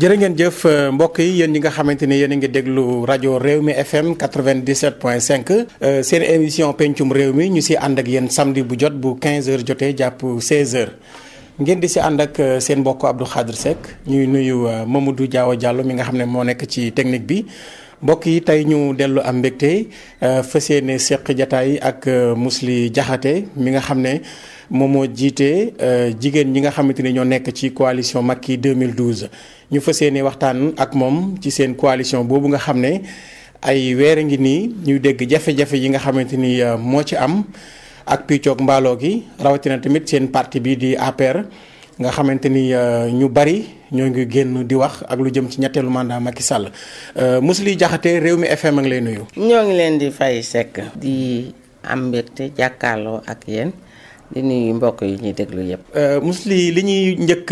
jërë ngeen jëf euh, mbokk yi yéen ñi nga xamante ni yéen a ngi déglu rajo réew mi FM 97.5 seen émission pencum réew mi ñu si ànd ak yéen samedi bu jot bu 15h jotee jàpp 16h ngeen di si ànd ak euh, seen mbokk Abdou Khadre Seck ñuy nuyu euh, Mamadou Diaw Diallo mi nga xam ne moo nekk ci technique bi. mbokk yi tey ñu dellu am mbégte euh, fas ne seq jataay ak euh, Mously Diakhaté mi nga xam ne moom moo jiite euh, jigéen ñi nga xamante ni ñoo nekk ci coalition Macky 2012. ñu fas yéene waxtaan ak moom ci seen coalition boobu nga xam ne ay weer ngi nii ñu dégg jafe-jafe yi nga xamante ni moo ci am ak piccoog mbaaloo gi rawatina tamit seen partie bi di APR. nga xamante ni euh, ñu bari ñoo ngi génn di wax ak lu jëm ci ñetteelu mandat Macky Sall euh, Mously Diakhaté réew mi FM a ngi lay nuyu. ñoo ngi leen di fay sekk. di am mbégte jàkkaarloo ak yéen. di nuyu mbokk yi ñuy déglu yëpp. Euh, Mously li ñuy njëkk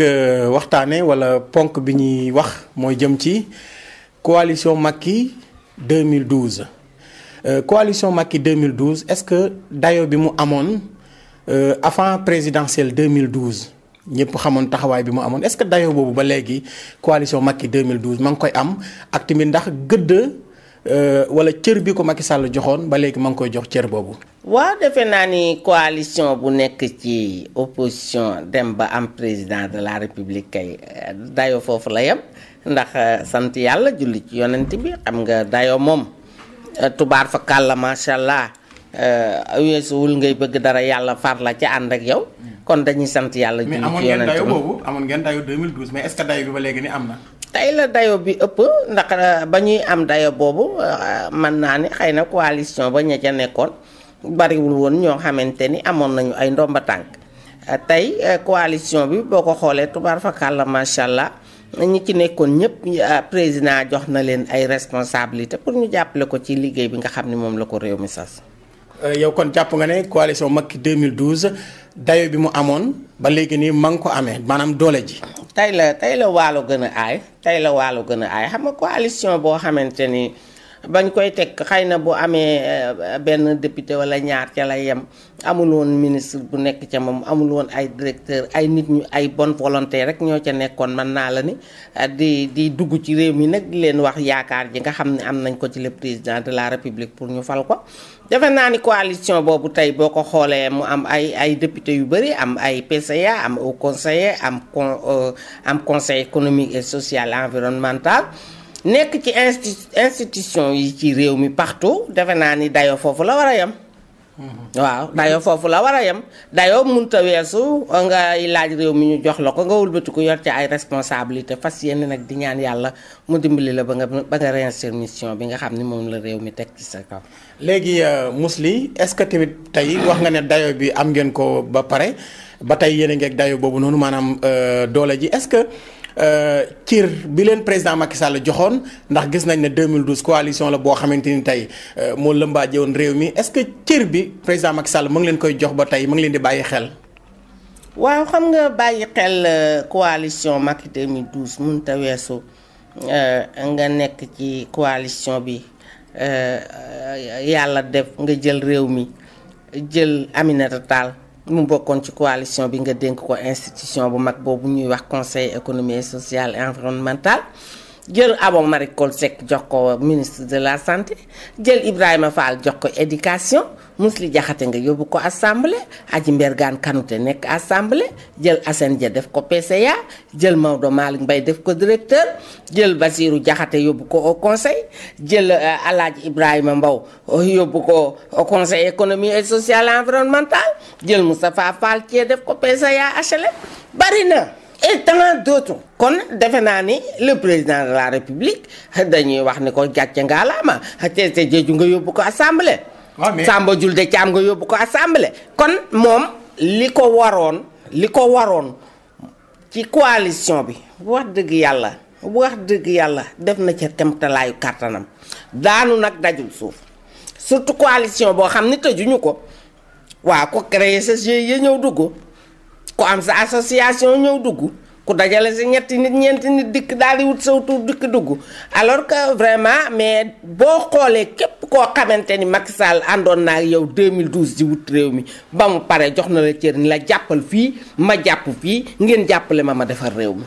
waxtaane wala ponk bi ñuy wax mooy jëm ci coalition Macky 2012 coalition Macky 2012 est-ce que dayo bi mu amoon avant présidentielle 2012 ñëpp xamoon taxawaay bi mu amoon est-ce que dayoo boobu ba léegi coalition Macky 2012 ma ngi koy am ak tamit ndax gëdd euh, wala cër bi ko Macky Sall joxoon ba léegi ma ngi koy jox cër boobu. waaw defe naa ni coalition bu nekk ci opposition dem ba am président de la république kay euh, dayo foofu la yem ndax euh, sant yàlla julli ci yonent bi xam nga dayoo moom tubaar fa kàlla macha allah. Euh, weesuwul ngay bëgg dara yàlla far la ci ànd ak yow. kon dañuy sant yàlla. julli ci yonent mais amoon ngeen dayo boobu amoon ngeen dayo 2012 mais am na. la dayo bi ëpp ndax euh, ba ñuy am dayo boobu euh, mën naa ne xëy na coalition ba ña ca nekkoon bariwul woon ñoo xamante ni amoon nañu ay ndomba tànk tey coalition bi boo ko xoolee tubaar fakàlla macha allah. ñi ci nekkoon ñëpp président jox na leen ay responsabilité pour ñu jàppale ko ci liggéey bi nga xam ne moom la ko réew mi sas Euh, yow kon jàpp nga ne coalition Macky 2012 dayo bi mu amoon ba léegi nii ma ngi ko amee maanaam doole ji. tey la tey la waalo gën a aay tey la waalo gën a xam nga coalition boo xamante ni bañ koy teg xëy na bu amee euh, benn député wala ñaar ca la yem amul woon ministre bu nekk ca moom amul woon ay directeur ay nit ñu ay bonne volonté rek ñoo ca nekkoon mën naa la ni euh, di di dugg ci réew mi nag leen wax yaakaar ji nga xam ne am nañ ko ci le président de la république pour ñu fal ko. defe naa ni coalition boobu tey boo ko xoolee mu am ay ay député yu bëri am ay PCA am au conseiller am euh, am conseil économique et social environnemental nekk ci insti institution yi ci réew mi partout defe naa ni dayoo foofu la war a yem. Mm-hmm. waaw dayoo foofu la war a yem dayoo mënut a weesu ngay laaj réew mi ñu jox la ko nga wëlbatiku yor ci ay responsabilité fas yenn nag di ñaan yàlla mu dimbali la ba nga ba nga réussir mission bi nga xam ni moom la réew mi teg ci sa kaw. léegi euh, Mously est-ce que tamit tey wax nga ne dayo bi am ngeen ko ba pare ba tey yéen a dayo boobu noonu maanaam euh, doole ji est-ce que euh, cir bi leen président Macky Sall joxoon ndax gis nañ ne 2012 coalition la boo xamante ni tey moo lëmbaaje réew mi est-ce que cir bi président Macky Sall mu ngi leen koy jox ba tey mu ngi leen di bàyyi xel. waaw xam nga bàyyi xel coalition Macky 2012 mënut a weesu nga nekk ci coalition bi. Eh, eh, yàlla def nga jël réew mi jël Aminata Tall mu bokkoon ci coalition bi nga dénk ko institution bu mag boobu ñuy wax conseil économique et social et jël Abo Marie Coll jox ko ministre de la santé jël Ibrahima Fall jox ko éducation Mously Diakhaté nga yóbbu ko assemblée Aji Mbergane Kanouté nekk assemblée jël Assane Dia def ko PCA jël Maodo mbay def ko directeur jël basiru Diakhaté yóbbu ko au conseil jël euh, Alaaji Ibrahima Mbow euh, yóbbu ko au conseil économique et social environnemental jël Moustapha Fall Thié def ko PCA HLM bari et tant d'autres kon defe naa ni le président de la république dañuy wax ni ko gàcce ngaalaama Cissé Diédhiou nga yóbbu ko assemblée. waaw ah, mais Samba Julde Thiam nga yóbbu ko assemblée. kon moom li ko waroon li ko waroon ci coalition bi wax dëgg yàlla wax dëgg yàlla def na ca temtalaayu kàttanam daanu nag dajul suuf surtout coalition boo xam ni tëjuñu ko waa ko créer sa GIE ñëw dugg. ku am sa association ñëw dugg ku dajale sa ñetti nit ñeenti nit dikk daal di wut saw tur dikk dugg alors que vraiment mais boo xoolee képp koo xamante ni Macky Sall àndoon naa yow 2012 di wut réew mi ba mu paree jox na la cër ni la jàppal fii ma jàpp fii ngeen jàppale ma ma defar réew mi.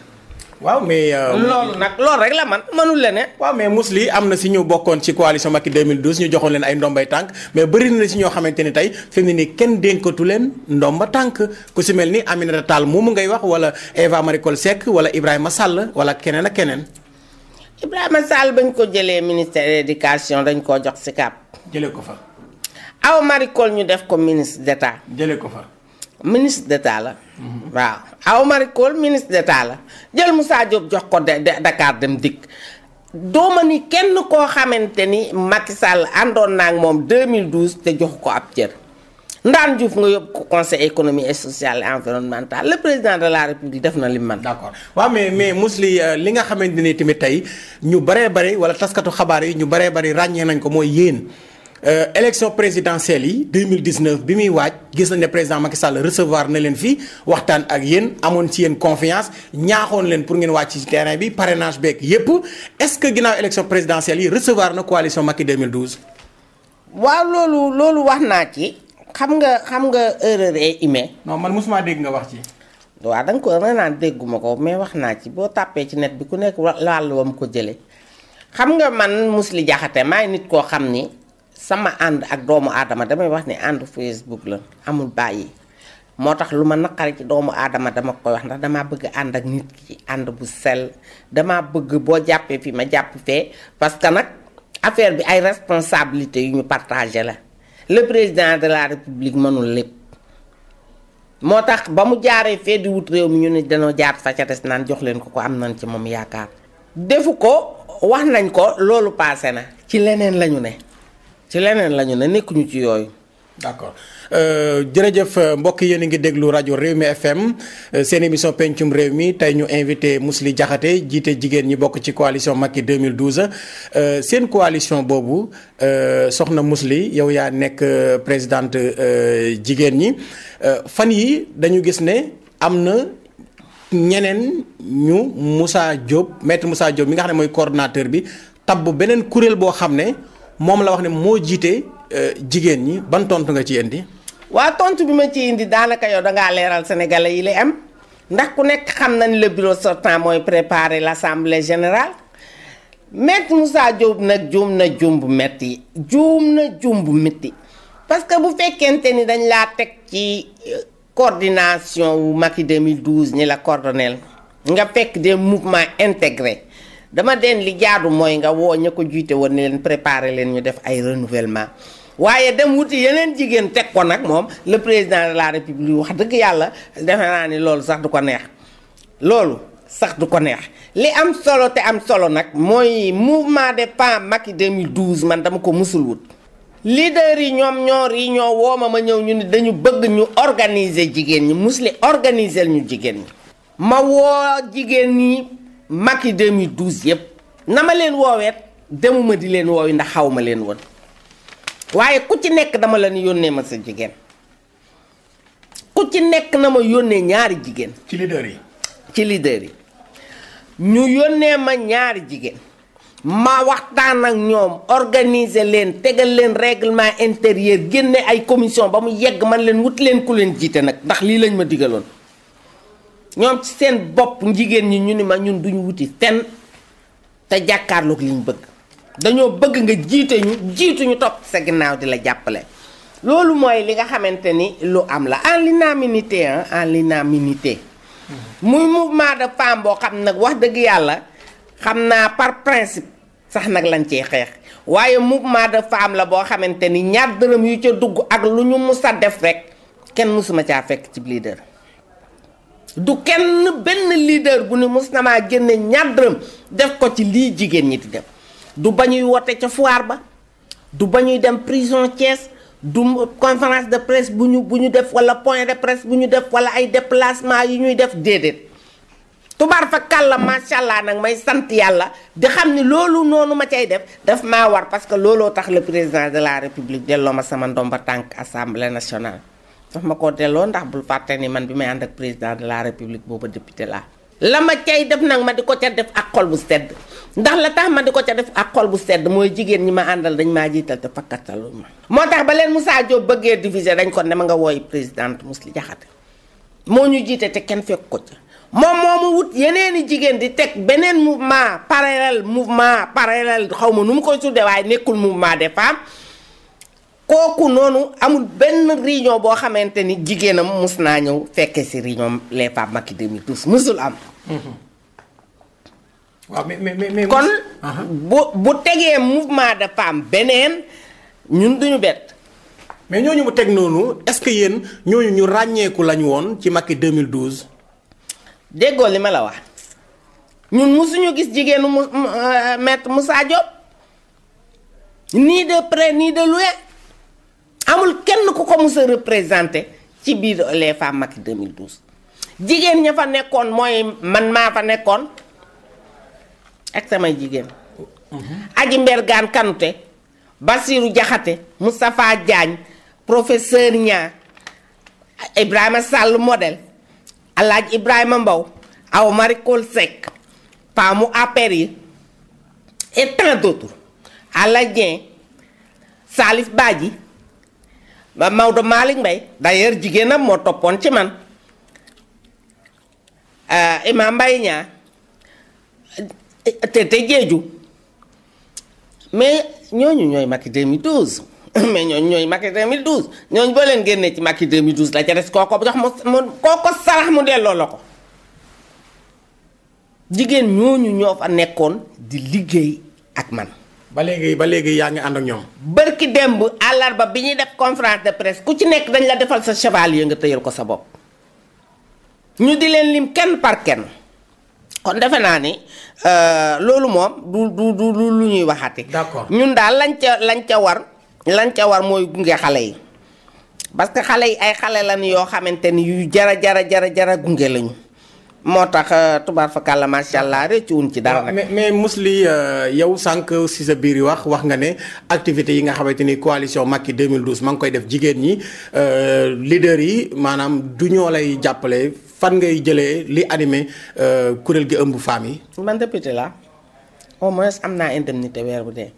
waaw mais. Euh, loolu nag loolu rek la man mënul la ne. waaw mais Mously am na si ñu bokkoon ci coalition Macky 2012 ñu joxoon leen ay ndombay tànk mais bëri na si ñoo xamante ni tey fi ne nii kenn dénkatu leen ndomba tànk ku si mel ni Aminata moom moomu ngay wax wala Eva Marie Coll Seck wala Ibrahima Sall wala keneen ak keneen. Ibrahima Sall bañ ko jëlee ministère éducation dañ koo jox si kàpp. jëlee ko fa. aw Marie ñu def ko ministre d' jëlee ko fa. ministre d'état la. Mhm. waaw aw ah, Marie Coll ministre d'état la jël Moussa Diop jox ko de Dakar dem dikk. dooma ni kenn koo xamante ni Macky Sall àndoon naa ak moom 2012 te jox ko ab cër Ndaan Diouf nga yóbbu ko conseil économique et social et environnemental le président de la république def na li mu mën. d'accord waaw mais mais Mously euh, li nga xamante ni tamit tey ñu baree bari wala taskatu xabaar yi ñu baree bari ràññee nañ ko mooy yéen. Euh, élection présidentielle yi 2019 bi muy waaj gis nañ ne président Macky Sall recevoir na leen fi waxtaan ak yéen amoon ci yéen confiance ñaaxoon leen pour ngeen wàcc ci terrain bi parrainage beeg yépp est-ce que ginnaaw élection présidentielle yi recevoir na coalition Macky 2012. waaw loolu loolu wax naa ci xam nga xam nga erreur est humaine. non man mosuma dégg nga wax ci. waaw da nga ko da dégguma ko mais wax naa ci boo tàppee ci net bi ku nekk wàll wam ko jëlee xam nga man Mously Diakhaté may nit koo xam ni. sama ànd ak doomu aadama damay wax ni ànd Facebook la amul bàyyi moo tax lu ma naqari ci doomu aadama dama koy wax ndax damaa bëgg ànd ak nit ki ànd bu sel dama bëgg boo jàppee fii ma jàpp fee parce que nag affaire bi ay responsabilité yu ñu partagé la le résident de la république mënul lépp moo tax ba mu jaaree fee di wut réew mi ñu ne dañoo jaar fa ca des naan jox leen ko ko am nañ ci moom yaakaar defu ko wax nañ ko loolu paase na ci leneen lañu ne ci leneen la ñu ne nekkuñu ci yooyu. d'accord euh, jërëjëf mbokk yéen a ngi déglu rajo réew mi FM euh, seen émission pencum réew mi tey ñu invité Mously Diakhaté jiite jigéen ñi bokk ci coalition Macky 2012 euh, seen coalition boobu soxna Mously yow yaa nekk présidente jigéen ñi fan yi dañu gis ne am na ñeneen ñu Moussa Diop maître Moussa Diop mi nga xam ne mooy coordonnateur bi tabb beneen kuréel boo xam ne moom la wax ne moo jiite euh, jigéen ñi ban tontu nga ci indi. waa tontu bi ma ci indi daanaka yow dangaa leeral sénégalais yi la am ndax ku nekk xam nañ le bureau sortant mooy préparer l' assemblée générale maître Moussa Diop nag juum na juum bu métti juum na juum bu métti parce que bu fekkente ni dañ laa teg ci euh, coordination wu Macky 2012 ni la coordonnel nga fekk des mouvements intégrés dama deen li jaadu mooy nga woo ña ko jiite woon ne leen préparer leen ñu def ay renouvellement waaye dem wuti yeneen jigéen teg ko nag moom le président de la république wax dëgg yàlla defe naa ni loolu sax du ko neex loolu sax du ko neex li am solo te am solo nag mooy mouvement des femmes Macky 2012 man dama ko musul wut lii leader yi ñoom ñoo yi ñoo woo ma ma ñëw ñu ni dañu bëgg ñu organiser jigéen ñi musli organiser ñu jigéen ñi ma woo jigéen ñi mag yi Macky 2012 yëpp na ma leen wooweet demuma di leen woowi ndax xaw ma leen woon waaye ku ci nekk dama la ni yónnee ma sa jigéen ku ci nekk na ma yónnee ñaari jigéen. ci leader yi. ci lider yi ñu yónnee ma ñaari jigéen ma waxtaan ak ñoom organiser leen tegal leen règlement intérieur génne ay commission ba mu yegg man leen wut leen ku leen jiite nag ndax lii lañ ma digaloon. ñoom ci seen bopp jigéen ñi ñu ni ma ñun duñu wuti fenn te jàkkaarloog liñ bëgg dañoo bëgg nga jiite ñu jiitu ñu topp sa ginnaaw di la jàppale. loolu mooy li nga xamante ni lu am la en l'unanimité en l'unanimité mm-hmm. muy mouvement de femme boo xam nag wax dëgg yàlla xam naa par principe sax nag lañ cee xeex waaye mouvement de femme la boo xamante ni ñaar dërëm yu ca dugg ak lu ñu mus a def rek kenn musuma caa fekk ci leader. du kenn benn leader bu ne mos na maa génne ñaar dërëm def ko ci lii jigéen ñi di dem du ba ñuy wote ca foire ba du bañuy dem prison Thiès du conférence de presse bu ñu bu ñu def wala point de presse bu ñu def wala ay déplacement yu ñuy def déedéet tubaar fa kàlla macha allah nag may sant yàlla di xam ni loolu noonu ma cay def daf maa war parce que looloo tax le président de la république delloo ma sama ndomba tànk assemblée nationale. daf ma koo delloo ndax bul fàtte ni man bi may ànd ak président de la république boobu député laa la ma cay def nag ma di ko ca def ak xol bu sedd ndax la tax ma di ko ca def ak xol bu sedd mooy jigéen ñi ma àndal dañ maa jiital te fakkatalu ma moo tax ba leen Moussa Diop bëggee diviser dañ ko ne ma nga wooyi présidente Mously Diakhaté moo ñu jiite te kenn fekk ko ca moom moomu wut yeneeni jigéen di teg beneen mouvement parallèle mouvement parallèle xaw ma nu mu koy tuddee waaye nekkul mouvement de femmes kooku noonu amul benn réunion boo xamante ni jigéenam mus naa ñëw fekke si réunion les femmes Macky 2012 musul am. Mm-hmm. waaw mais mais mais kon uh-huh. bu bu tegee mouvement de femme beneen ñun duñu bett. mais ñooñu mu teg noonu est-ce que yéen ñooñu ñu ràññeeku lañu woon ci Macky 2012. déggoo li ma la wax ñun musuñu gis jigéenu mu euh, maître Moussa de près ni de loin. amul kenn ku ko mos a représenté ci biir les femmes Macky jigéen ña fa nekkoon mooy man maa fa nekkoon ak samay jigéen. Mhm. Aji Mbergane Kanouté Bassirou Diakhaté Moustapha Diagne professeur Niang Ibrahima sàll modèle Alaaji Ibrahima Mbow aw Marie Coll Seck Paamu APR yi et tant d'autres Alla Dieng Salif ma Maodo Malick Mbaye d'ailleurs jigéenam moo toppoon ci man euh, Imam Mbaye ñaa te te jeeju mais ñooñu ñooy Macky 2012 mais ñooñu ñooy Macky 2012 ñooñu boo leen génnee ci Macky 2012 la ca des kooko jox mu kooko sarax mu delloo la ko jigéen ñooñu ñoo fa nekkoon di liggéey ak man ba léegi ba léegi yaa ngi ànd ak ñoom. bërki démb àllarba bi ñuy def conférence de presse ku ci nekk dañ la defal sa cheval yi nga tëyal ko sa bopp ñu di leen lim kenn par kenn kon defe naa ni euh, loolu moom du du du lu ñuy waxati. d'accord ñun daal lañ ca lañ ca war lañ ca war mooy gunge xale yi parce que xale yi ay xale lañ yoo xamante ni yu jara jara jara jara gunge lañu. moo tax euh, tubaab fa kàlla macha allah rëccuwuñ ci dara. mais mais Mously euh, yow sànq si sa biir wax wax nga ne activité yi nga xamante ni coalition Macky 2012 maa ngi koy def jigéen ñi euh, leader yi maanaam du ñoo lay jàppale fan ngay jëlee li animé kuréel gi ëmb femmes yi. man député la au moins am naa indemnité weer bu dee.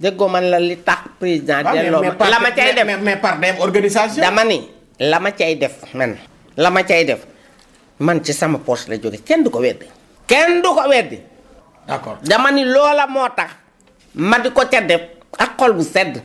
déggoo man la li tax président. delloo la ma cay def mais par organisation. dama ni la ma cay def man. la ma cay def. man ci sama poche la jóge kenn du ko weddi kenn du ko weddi d'accord dama ni loola moo tax ma di ko ca def ak xol bu sedd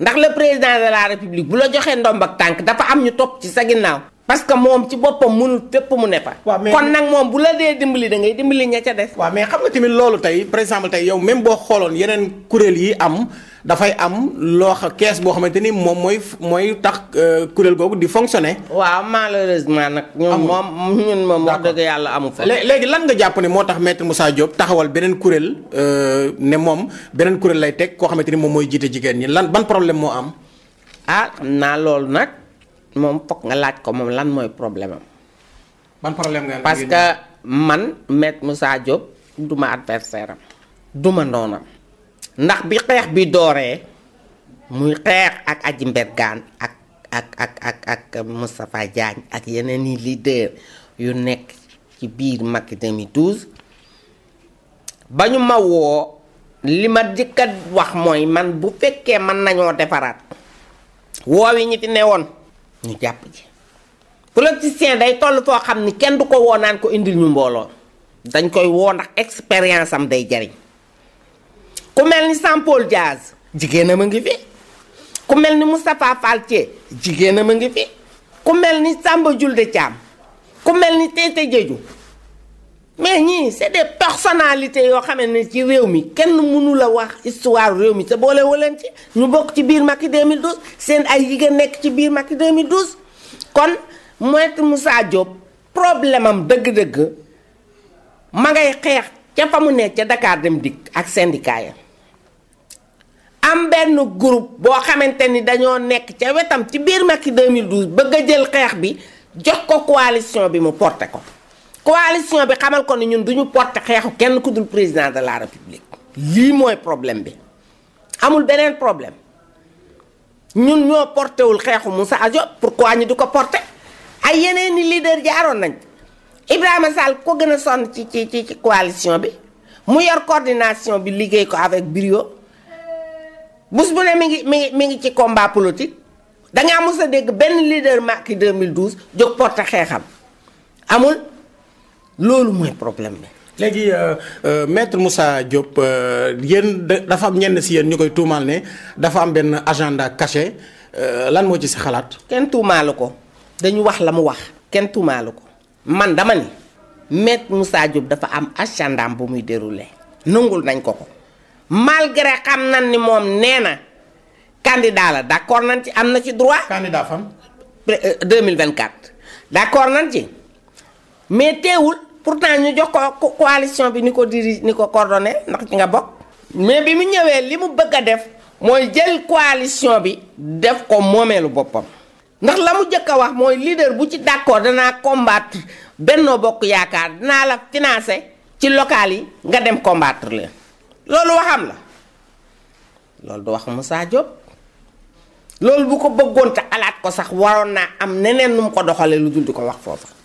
ndax le président de la république bu la joxee ndomb ak tànk dafa am ñu topp ci sa ginnaaw parce que moom ci boppam mënul tépp mu ne fa. kon nag moom bu la dee dimbali da ngay dimbali ña ca des. waaw mais xam nga tamit loolu tey par exemple tey yow même boo xooloon yeneen kuréel yi am. dafay am loo kees boo xamante ni moom mooy mooy tax euh, kuréel googu di fonctionner. waaw malheureusement nag. ñun moom ñun moom dëgg yàlla amu fa. léegi lan nga jàpp ne moo tax maître Moussa Diop taxawal beneen kuréel euh, ne moom beneen kuréel lay teg koo xamante ni moom mooy jiite jigéen ñi lan ban problème moo am. ah xam naa loolu nag. moom foog nga laaj ko moom lan mooy problème am. ban parce que man met Moussa Diop duma adversaire am duma noonam ndax bi xeex bi dooree muy xeex ak Aji Mbergane ak ak ak ak ak ak yeneen i leader yu nekk ci biir Macky ba ñu ma woo li ma jëkkat wax mooy man bu fekkee mën nañoo defaraat woowi ñi fi ne woon ñu jàpp ji politicien day toll foo xam ni kenn du ko woo naan ko indil ñu mbooloo dañ koy woo ndax expérience am day jariñ ku mel ni Sampol jaas jigéenam a ngi fi ku mel ni Moustapha Fall ci jigéenam a ngi fi ku mel ni Samba Julde Thiam ku mel ni Tete Jeju mais ñii c'est des personnalités yoo xam ne ci réew mi kenn mënu wax histoire réew mi te boole waleen ci ñu bokk ci biir Macky 2012 seen ay jigéen nekk ci biir Macky 2012 kon Maître musaa Diop problème am dëgg-dëgg ma ngay xeex ca fa mu ne ca ndakaar dem dikk ak syndicat am benn groupe boo xamante ni dañoo nekk ca wetam ci biir Macky 2012 bëgg a jël xeex bi jox ko coalition bi mu porte ko coalition bi xamal ko ni ñun duñu porter xeexu kenn ku dul président de la république lii mooy problème bi amul beneen problème ñun ñoo portewul xeexu Moussa Diop pourquoi ñu du ko porter ay yeneen i leader jaaroon nañ Ibrahima Sall ko gën a sonn ci ci ci coalition bi mu yor coordination bi liggéey ko avec brio bés bu ne mi ngi mi ngi mi ngi ci combat politique dangaa mos a dégg benn leader Macky 2012 jóg porter xeexam amul loolu mooy problème bi. léegi euh, euh, maître Moussa Diop euh, yéen dafa am ñenn si yéen ñu koy tuumaal ne dafa am benn agenda caché lan moo ci si xalaat. kenn tuumaalu ko dañu wax la mu wax. kenn tuumaalu ko man dama ni maître Moussa Diop dafa am agenda bu muy déroulé nangul nañ ko ko malgré xam nañ ni moom nee na candidat la d' accord nañ ci am na ci droit. candidat fan. 2024 d' accord nañ ci mais pour pourtant ñu jox ko coalition bi ni ko diri ni ko coordonné ndax ci nga bokk. mais bi mu ñëwee li mu bëgg a def mooy jël coalition bi def ko moomeelu boppam. ndax la mu jëkk a wax mooy leader bu ci d'accord danaa combattre Benno Bokk Yaakaar dinaa la financer ci local yi nga dem combattre leen loolu waxam la loolu du wax Moussa Diop loolu bu ko bëggoon te alaat ko sax waroon naa am neneen nu mu ko doxalee lu jul di ko wax foofa.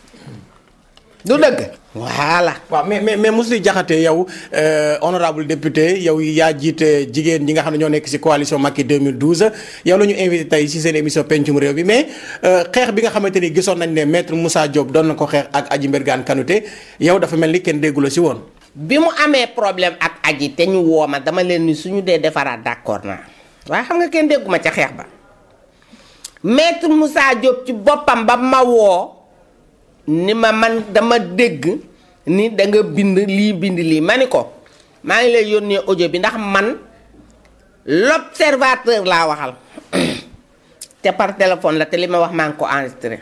du dëgg la waaw mais mais mais Mously Diakhaté yow euh, honorable député yow yaa jiite jigéen ñi nga xam ne ñoo nekk ci coalition Macky 2012 yow la ñu invité tey ci seen émission pencum réew bi mais euh, xeex bi nga xamante ni gisoon nañ ne maître Moussa Diop doon na ko xeex ak Adji Mbergane Kanouté yow dafa mel ni kenn déggula ci woon. bi mu amee problème ak Adji te ñu woo ma dama leen ni suñu dee defaraat d'accord naa waaye xam nga kenn dégguma ca xeex ba maître Moussa Diop ci boppam ba ma ni ma man dama dégg ni danga bind lii bind lii ma ni ko maa ngi lay yónnee audio bi ndax man l'observateur laa waxal te par téléphone la te li ma wax maa ngi ko enregistré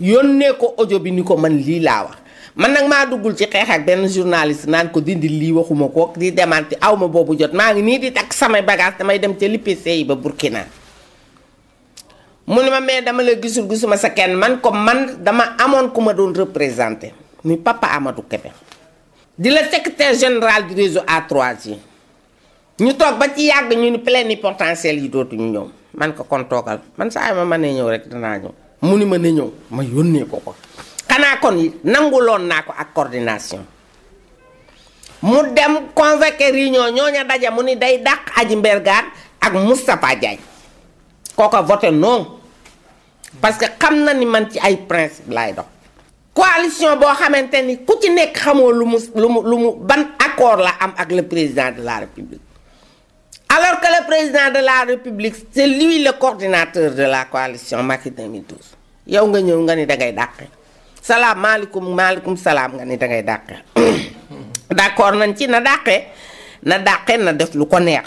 yónnee ko audio bi ni ko man lii laa wax man nag maa duggul ci xeex ak benn journaliste naan ko dindi lii waxuma ko di demanti awma boobu jot maa ngi nii di takk samay bagage damay dem ca l'IPC yi ba Burkina mu ne ma mais dama la gisul gisuma sa kenn man ko man dama amoon ku ma doon représenté muy papa Amadou Kébé di la secrétaire général du réseau A3 yi ñu toog ba ci yàgg ñu ni plénipotentiel yi dootuñu ñëw man ko kon toogal man saa ma mën ñëw rek danaa ñëw mu ni ma ne ñëw ma yónnee ko ko xanaa kon nanguloon naa ko ak coordination mu dem convoqué réunion ñooña daje mu ni day dàq Adji Mbergane ak Moustapha Diagne kooko voté noonu parce que xam na ni man ci ay principe laay dox. coalition boo xamante ni ku ci nekk xamoo lu mu lu mu lu mu ban accord la am ak le président de la république alors que le président de la république c'est lui le coordinateur de la coalition Macky 2012 yow nga ñëw nga ni dangay ngay dàqe salaamaaleykum maaleykum salaam nga ni da ngay dàqe d'accord nañ ci na dàqe na dàqe na def lu ko neex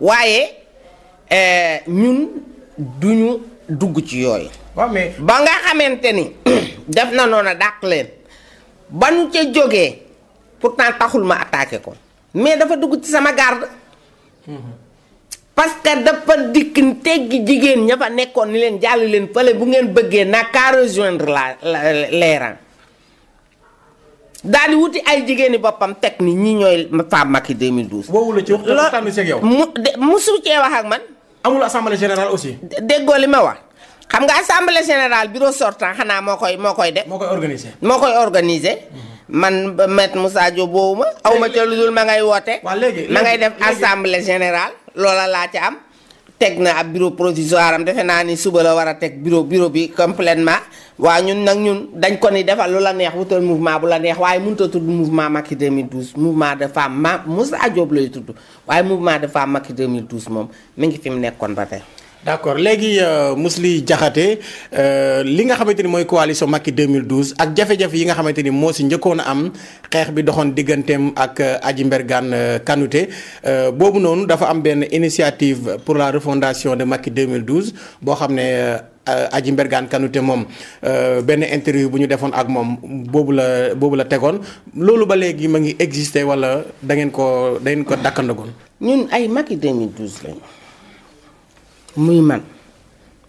waaye euh, ñun duñu dugg ci yooyu. waaw mais ba nga xamante ni def na noonu dàq leen ba nu ca jógee pourtant taxul ma attaqué ko mais dafa dugg ci sama garde. parce que dafa dikk teggi jigéen ña fa nekkoon ni leen jàll leen fële bu ngeen bëggee naka rejoindre la les rangs daal di wuti ay jigéeni boppam teg ni ñi ñooy Fap Macky 2012. woowu la ci wax mu musu cee ak man. amul assemblée générale aussi. déggoo li ma wax xam nga assemblée générale bureau sortant xanaa moo koy moo koy de. moo koy organiser moo koy organiser. Mhm. man maître Moussa Diop boobu ma. awma ca lu dul ma ngay woote. ma ngay def assemblée général loola laa ca am. teg na ab bureau provisoire am defe naa ni suba la war a teg bureau bureau bi complètement waa ñun nag ñun dañ kon ni defal lu la neex wutal mouvement bu la neex waaye mënut a tudd mouvement Macky 2012 mouvement de femme ma Moussa Diop lay tudd waaye mouvement de femme Macky 2012 moom mi ngi fi mu nekkoon ba tey. d'accord léegi euh, Mously Diakhaté euh, li nga xamante ni mooy coalition Macky 2012 ak jafe-jafe yi nga xamante ni moo si njëkkoon a am xeex bi doxoon digganteem ak euh, Adji Mbergane Kanouté boobu noonu dafa am benn initiative pour la refondation de Macky 2012 boo xam ne Adji Mbergane Kanouté moom benn interview bu ñu defoon ak moom boobu la boobu la tegoon loolu ba léegi ma ngi exister wala dangeen ko da ngeen ko dakkandagoon. ñun ay Macky muy man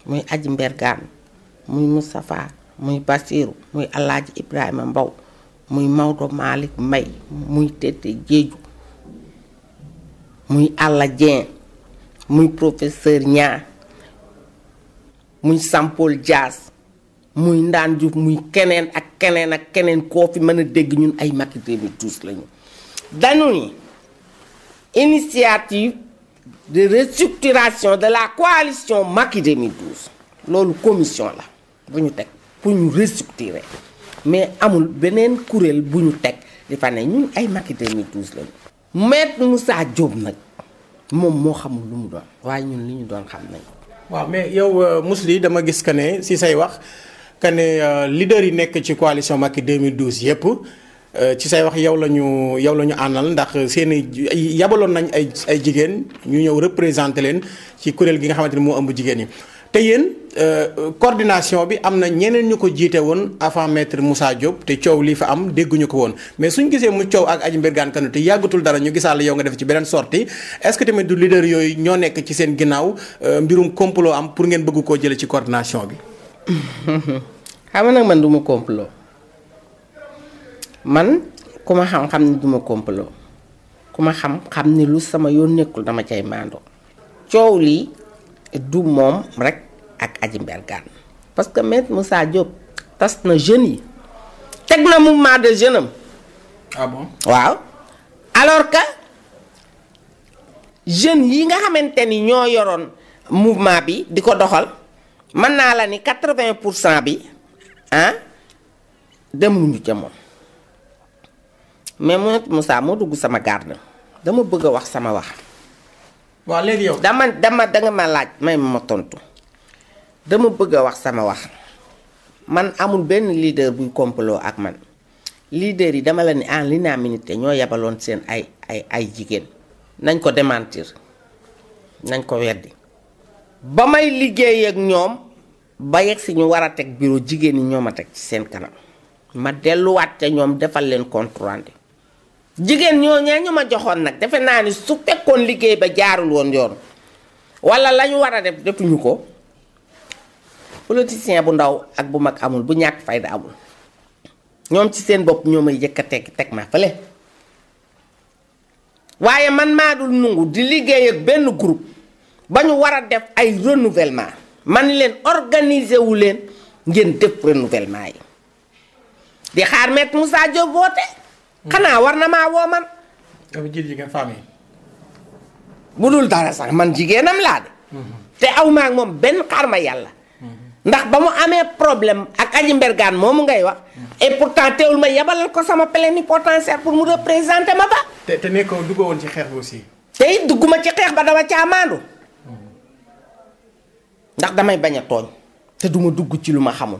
muy aji mbergaan muy Moustapha muy Basiru muy Alaaji Ibrahima Mbow muy Maodo malik Mbay muy Tete Jeeju muy àlla Dieng muy professeur ñaa muy Sampol jaas muy Ndaan Diouf muy keneen ak keneen ak keneen koo fi mën a dégg ñun ay Macky 2012 lañu dañu ni initiative de restructuration de la coalition Macky 2012 loolu commission la bu ñu teg pour ñu restructurer mais amul beneen kuréel bu ñu teg li fa ne ñun ay Macky 2012 lañu. Maître Moussa Diop nag moom moo xamul lu mu doon waaye ñun li ñu doon xam nañ waaw mais yow euh, Mously dama gis que ne si say wax que ne euh, leader yi nekk ci coalition Macky 2012 yëpp. Euh, ci say wax yow la ñu yow la ñu àndal ndax seen i yabaloon nañ ay ay jigéen ñu ñëw représenté leen ci kuréel gi nga xamante ni moo ëmb jigéen ñi. te yéen euh, coordination bi am na ñeneen ñu ko jiite woon avant maître Moussa Diop te coow lii fi am dégguñu ko woon mais suñ gisee mu coow ak Aji Mbergane Kanouté te yàggatul dara ñu gisaal yow nga def ci beneen sortie est-ce que tamit du leader yooyu ñoo nekk ci seen ginnaaw euh, mbirum complot am pour ngeen bëggu koo jëlee ci coordination bi. xam nga nag man ku ma xam xam ni duma complot ku ma xam xam ni lu sama yoon nekkul dama cay maandoo coow lii du moom rek ak Adji Mbergane parce que maître Moussa Diop tas na jeunes yi teg na mouvement de jeune am ah waaw alors que jeunes yi nga xamante ni ñoo yoroon mouvement bi di ko doxal mën naa la ni quatre-vingt pour cent bi ah demuñu ca moom mais Mouhamed Moussa moo dugg sama garde dama bëgg a wax sama wax. waaw léegi yow. dama dama danga ma laaj may ma tontu dama bëgg a wax sama wax man amul benn leader buy complot ak man leader yi dama la ni en l'unanimité ñoo yabaloon seen ay ay ay jigéen nañ ko demantir nañ ko weddi ba may liggéey ak ñoom ba yegg si ñu war a teg bureau jigéen ñi ñoo ma teg ci seen kanam ma delluwaat ca ñoom defal leen compte jigéen ñoo ñee ñu ma joxoon nag defe naa ni su fekkoon liggéey ba jaarul yoon walla lañu war a def defuñu ko politicien bu ndaw ak bu mag amul bu ñàkk fayda amul ñoom ci seen bopp ñoo may jëkk a teg teg ma fële waaye man maa dul nungu di liggéey ak benn group ba ñu war a def ay renouvellement man leen organiser wu leen ngeen def renouvellement yi di xaar Maître Moussa Diop woote xanaa war na maa woo man. dafa jël jigéen femme yi. bu dul dara sax man jigéenam laa de. Mhm. te aw ma moom benn xaar ma yàlla. Mhm. ndax ba mu amee problème ak aji mbergaan moomu ngay wax. Mhm. et pourtant teewul ma yabalal ko sama plénipotentiaire pour mu représenter ma ba. te te nekkoo dugg woon ci xeex bi aussi. te it dugguma ci xeex ba dama caa maandu. ndax damay bañ a tooñ. te duma dugg ci lu ma xamul.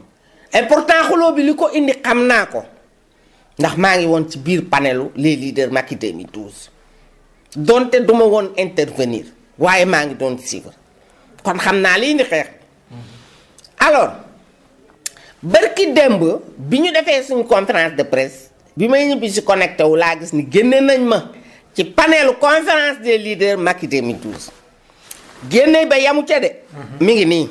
et xuloo bi li ko indi xam naa ko. ndax maa ngi woon ci biir paneelu panelu les leaders Macky 2012 te duma woon intervenir waaye maa ngi doon suivre kon xam naa lii ni xeex alors bërki démb bi ñu defee suñ conférence de presse bi may ñibbi si connecté wu laa gis ni génne nañ ma ci panelu conférence des leaders Macky 2012 génne ba yamu ca de mhm. mi ngi nii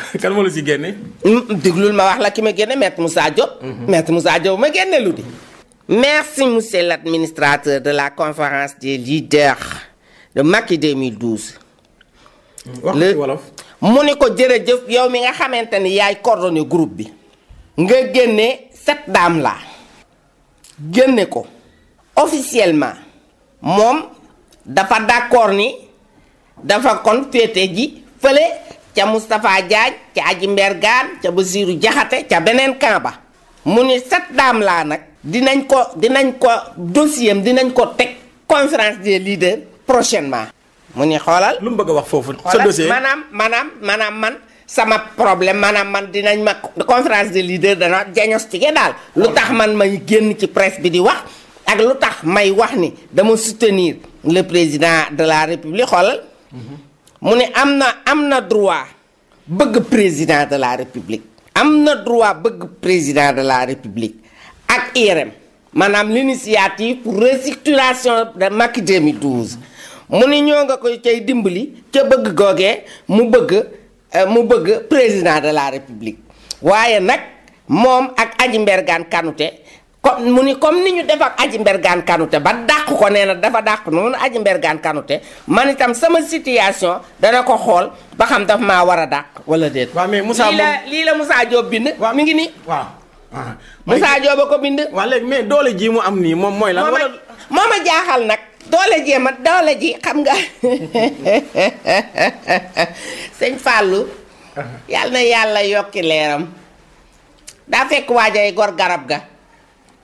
kan moo la si génne. Mm, déglul ma wax la ki ma génne maître Moussa Diop. Mhm. maître Moussa Diop ma génne lu di. merci monsieur administrateur de la conférence des leaders de Macky 2012. wax ci wolof mu ni ko jërëjëf yow mi nga xamante ni yaay coordonné groupe bi. nga génne cette dame la génne ko. officiellement. moom dafa d' ni dafa kon féete ji fële. ca Moustapha Diagne ca Aji Mbergaan ca Basiiru Jaxate ca beneen camp ba mu ni set daam laa nag dinañ ko dinañ ko dossier dinañ ko teg conférence des leaders prochainement mu ni xoolal lu mu bëgg a wax foofu sa dossier maanaam maanaam maanaam man sama problème maanaam man dinañ ma conférence des leaders dana diagnostiqué daal lu tax man may génn ci presse bi di wax ak lu tax may wax ni dama soutenir le président de la république xoolal mhm. mu ne am na am na droit bëgg président de la république am na droit bëgg président de la république ak IRM maanaam l'initiative pour restructuration de Macky 2012 mu ni ñoo nga koy cay dimbali ca bëgg googee mu bëgg euh, mu bëgg président de la république waaye nag moom ak Aji Mbergane Kanouté comme mu ni comme ni ñu def ak aji mbergaan kanute ba dàq ko nee na dafa dàq noonu aji mbergaan kanute man itam sama situation dana ko xool ba xam daf maa war a dàq wala déet. waaw lii la lii bind. waaw mi ngi nii waaw. Moussa Diop a bind. waaw mais doole ji mu am nii moom mooy lan. wala moo ma jaaxal nag. doole jee ma doole ji xam nga sëñ Fallou. Uh-huh. yàlla na yàlla yokki leeram daa fekk waajay gor garab ga.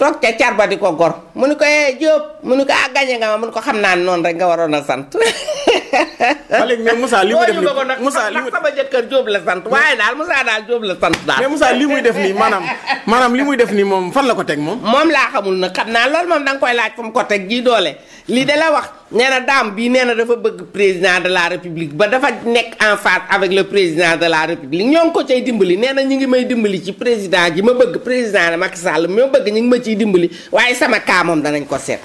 toog ca car ba di ko gor mu ni ko eh Diop mu ni ko ah nga ma mu ni ko xam naa noonu rek nga waroon a sant ba léegi mais Moussa li muy def nii Moussa li muy sama la sant waaye daal Moussa daal Diop la sant daal. mais Moussa li muy def nii maanaam maanaam li muy def nii moom fan la ko teg moom. moom laa xamul nag xam naa loolu moom da nga koy laaj fu mu ko teg ji doole lii de la wax nee daam bii nee na dafa bëgg président de la république ba dafa nekk en face avec le président de la république ñoo ngi ko cay dimbali nee na ñu ngi may dimbali ci président ji ma bëgg président Macky Sall ma bëgg ñu ngi ma ciy dimbali waaye sama kaa danañ ko seet.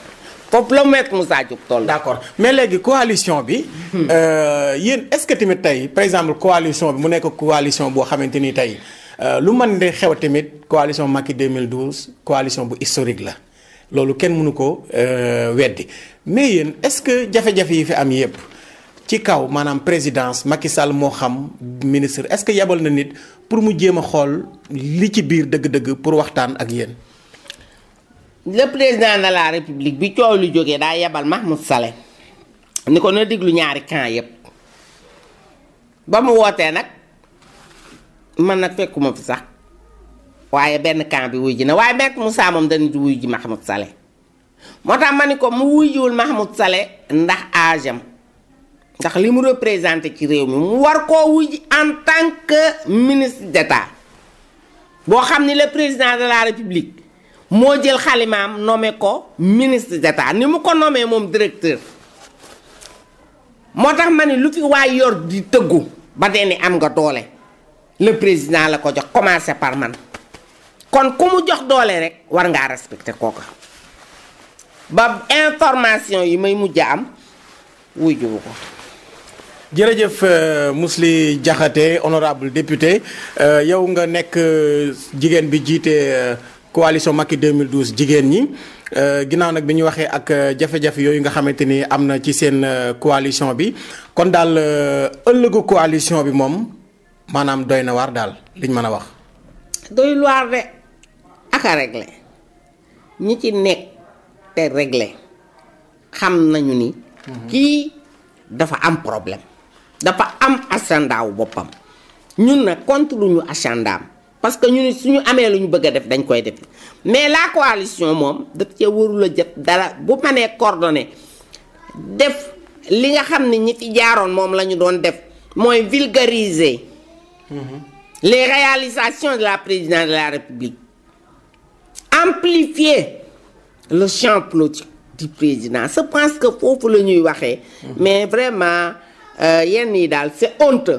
foofu la maître Moussa Diop toll. d'accord mais léegi coalition bi. Hmm. Euh, yéen est-ce que tamit tey par exemple coalition bi mu nekk coalition boo xamante ni tey euh, lu man de xew tamit coalition Macky 2012 coalition bu historique la loolu kenn mënu ko euh, weddi mais yéen est-ce que jafe-jafe yi fi am yépp. ci kaw maanaam présidence Macky Sall moo xam ministre est-ce que yebal na nit pour mu jéem a xool li ci biir dëgg-dëgg pour waxtaan ak yéen. le président de la république bi coow lu jógee daa yebal Mahmoud Saleh ni ko na déglu ñaari camp yépp ba mu wootee nag man nag fekkuma fi sax waaye benn camp bi wuy ji na waaye Maître Moussa moom dañu di wuy ji Mahmoud Saleh moo tax ma ni ko mu wuy jiwul Mahmoud Saleh ndax âge ndax li mu représenté ci réew mi mu war koo wuy en tant que ministre d'état boo xam ni la président de la république moo jël xalimaam nommé ko ministre d'état ni mu ko nomee moom directeur moo tax ma ni lu fi waay yor di tëggu ba dee ni am nga doole le président la ko jox commencé par man kon ku mu jox doole rek war ngaa respecté kooka ba information yi may mujj am wujjuwu ko jërëjëf euh, Mously Diakhaté honorable député euh, yow nga nekk euh, jigéen bi jiite coalition Macky 2012 jigéen ñi euh, ginnaaw nag bi ñu waxee ak euh, jafe-jafe yooyu nga xamante ni am na ci seen euh, coalition bi kon daal ëllëgu coalition bi moom maanaam doy na waar daal liñ mën a wax. doy waar de ak a ñi ci nekk te réglé xam nañu ni. Mhm. kii dafa am problème. dafa am asandaw boppam ñun na contre lu ñu asandaam parce que ñu ne suñu amee lu ñu bëgg a def dañ koy def mais la coalition moom daf cee warul a jot dara bu manee coordonné def li nga xam ne ñi fi jaaroon moom la ñu doon def mooy vulgariser mm-hmm. les réalisations de la présidente de la république amplifier le champ politique du président je pense que foofu la ñuy waxee mm-hmm. mais vraiment euh, yenn yi daal c'est honte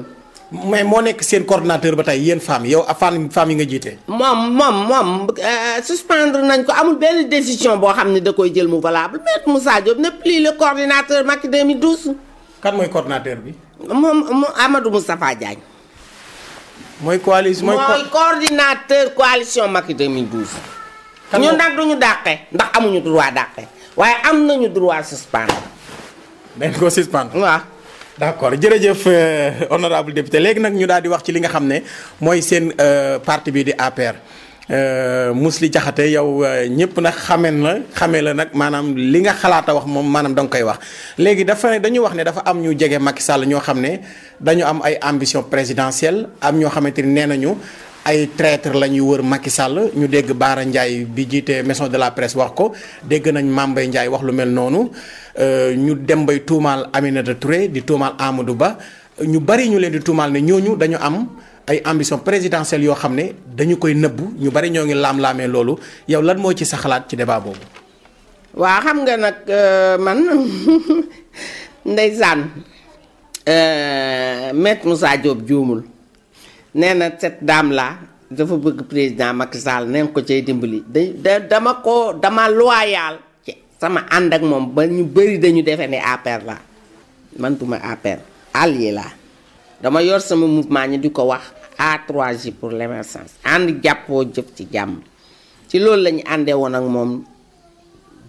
mais moo nekk seen coordonnateur ba tey yéen femmes yow femme femme yi nga jiite. moom moom moom euh, suspendre nañ ko amul benn décision boo xam ne da koy jël mu valable maître Moussa Diop ne plus le coordinateur Macky 2012. kan mooy coordonnateur bi. moom mu Amadou Moustapha Diagne. mooy coalition mooy. coordinateur coalition Macky 2012. kan ñun nag duñu dàqe ndax amuñu droit dàqe waaye am nañu droit suspendre. dañ ko suspendre waaw. d' accord jërëjëf euh, honorable député léegi nag ñu daal di wax ci li nga xam ne mooy seen euh, parti bi di APR. Euh, Mously Diakhaté yow ñëpp nag xamee na xamee la nag maanaam li nga xalaata wax moom maanaam da nga koy wax léegi dafa ne dañu wax ne dafa am ñu jege Macky Sall ñoo xam ne dañu am ay ambition présidentielle am ñoo xamante ni nee nañu. ay traître la ñuy wër Macky Sall ñu dégg Baara Ndiaye bi jiite maison de la presse wax ko dégg nañ Mambay Ndiaye wax lu mel noonu euh, ñu dem bay tuumaal Aminata Touré di tuumaal Amadou Ba ñu bari ñu leen di tuumaal ne ñooñu dañu am ay ambition présidentielle yoo xam ne dañu koy nëbbu ñu bari ñoo ngi laam-laamee loolu yow lan moo ci sa xalaat ci débat boobu. waa xam nga nag euh, man ndeysaan euh, maître Moussa Diop juumul. nee na cette dame là dafa bëgg président Macky Sall neen ko cay dimbali da dama ko dama loyal ci sama ànd ak moom ba ñu bëri dañu defe ni APR la man duma APR allié la dama yor sama mouvement ñi di ko wax A3J pour l'émergence ànd jàppoo jëf ci jàmm ci loolu la ñu àndee woon ak moom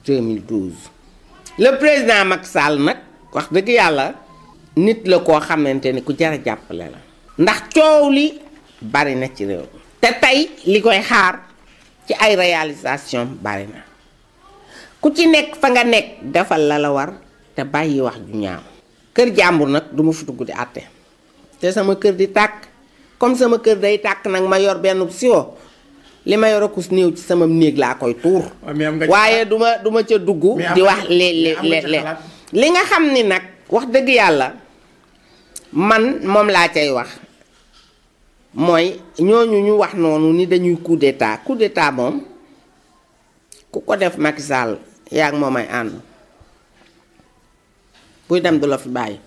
2012 le président Macky Sall nag wax dëgg yàlla nit la koo xamante ni ku jar jàppale la ndax coow li bari na ci réew te tey li koy xaar ci ay réalisation bari na ku ci nekk fa nga nekk defal la la war te bàyyi wax ju ñaaw kër jàmbur nag duma fi dugg di àtte te sama kër di tàkk comme sama kër day tàkk nag ma yor benn siwo li ma yor akus néew ci sama néeg laa koy tuur ah, waaye duma duma du ca dugg di wax le le li nga xam ni nag wax dëgg yàlla man moom laa cay wax mooy ñooñu ñu wax noonu ni dañuy coup d'état coup d'état moom ku ko def Macky Sall yaag moom ay ànd buy dem du la fi bàyyi.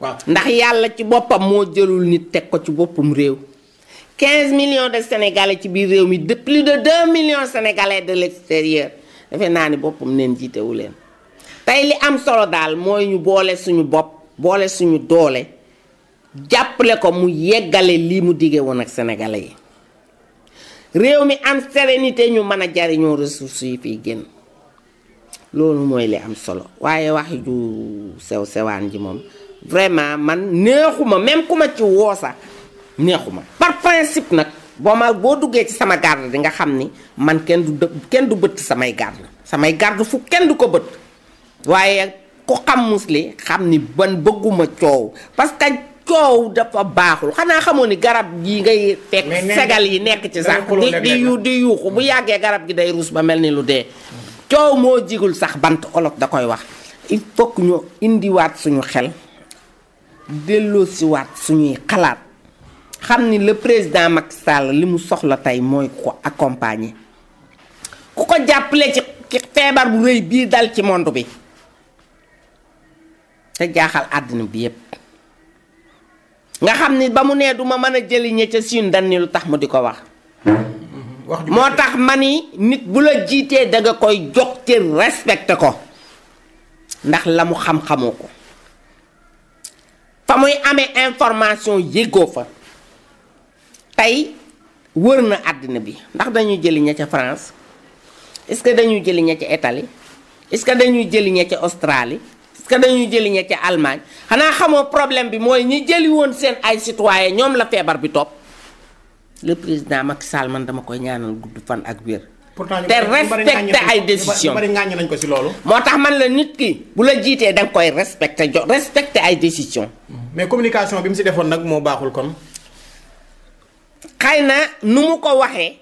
waaw ndax yàlla ci boppam moo jëlul nit teg ko ci boppum réew. 15 millions de sénégalais ci biir réew mi de plus de 2 million sénégalais de l'extérieur defe naa ni boppam neen jiitewu leen tey li am solo daal mooy ñu boole suñu bopp boole suñu doole. jàppale ko mu yeggale lii mu diggee woon ak senegale yi réew mi am sérénité ñu mën a jariñoo ressources yi fiy génn loolu mooy li am solo waaye wax ju sew sewaan ji moom vraiment man neexuma même ku ma ci woo sax neexuma par principe nag boo ma boo duggee ci sama garde di nga xam ni man kenn du dë kenn du bët samay garde samay garde fu kenn du ko bët waaye ku xam musli xam ni ban bëgguma coow parce coow dafa baaxul xanaa xamoo ni garab yi ngay fekk segal yi nekk ci sax di di yuuxu bu yàggee garab gi day ruus ba mel ni lu dee coow moo jigul sax bant olof da koy wax il faut ñu indiwaat suñu xel delloosiwaat suñuy xalaat xam ni la président Macky Sall li mu soxla tey mooy ko accompagner ku ko jàppale ci feebar bu rëy bii dal ci monde bi te jaaxal àddina bi yépp nga xam ni ba mu nee du ma mën a jëli ña ca Chine danni lu tax mu di ko wax. wax moo tax ma ni nit bu la jiitee danga koy jox ci respecté ko ndax la mu xam-xamoo ko fa muy amee information yéegoo fa tey wër na àddina bi ndax dañuy jëli ña ca France est-ce que dañuy jëli ña ca Italie est-ce que dañuy jëli ña ca Australie. que dañuy jëli ña ca Allemagne xanaa xamoo problème bi mooy ñi jëli woon seen ay citoyen ñoom la feebar bi topp le président Macky Sall man dama koy ñaanal gudd fan ak wér. te respecté ay décision bari ngaañ nañ ko ci loolu. moo tax man la nit ki bu la jiitee danga koy respecté jo respecté ay décision mais communication bi mu si defoon nag moo baaxul kon. xay na nu mu ko waxee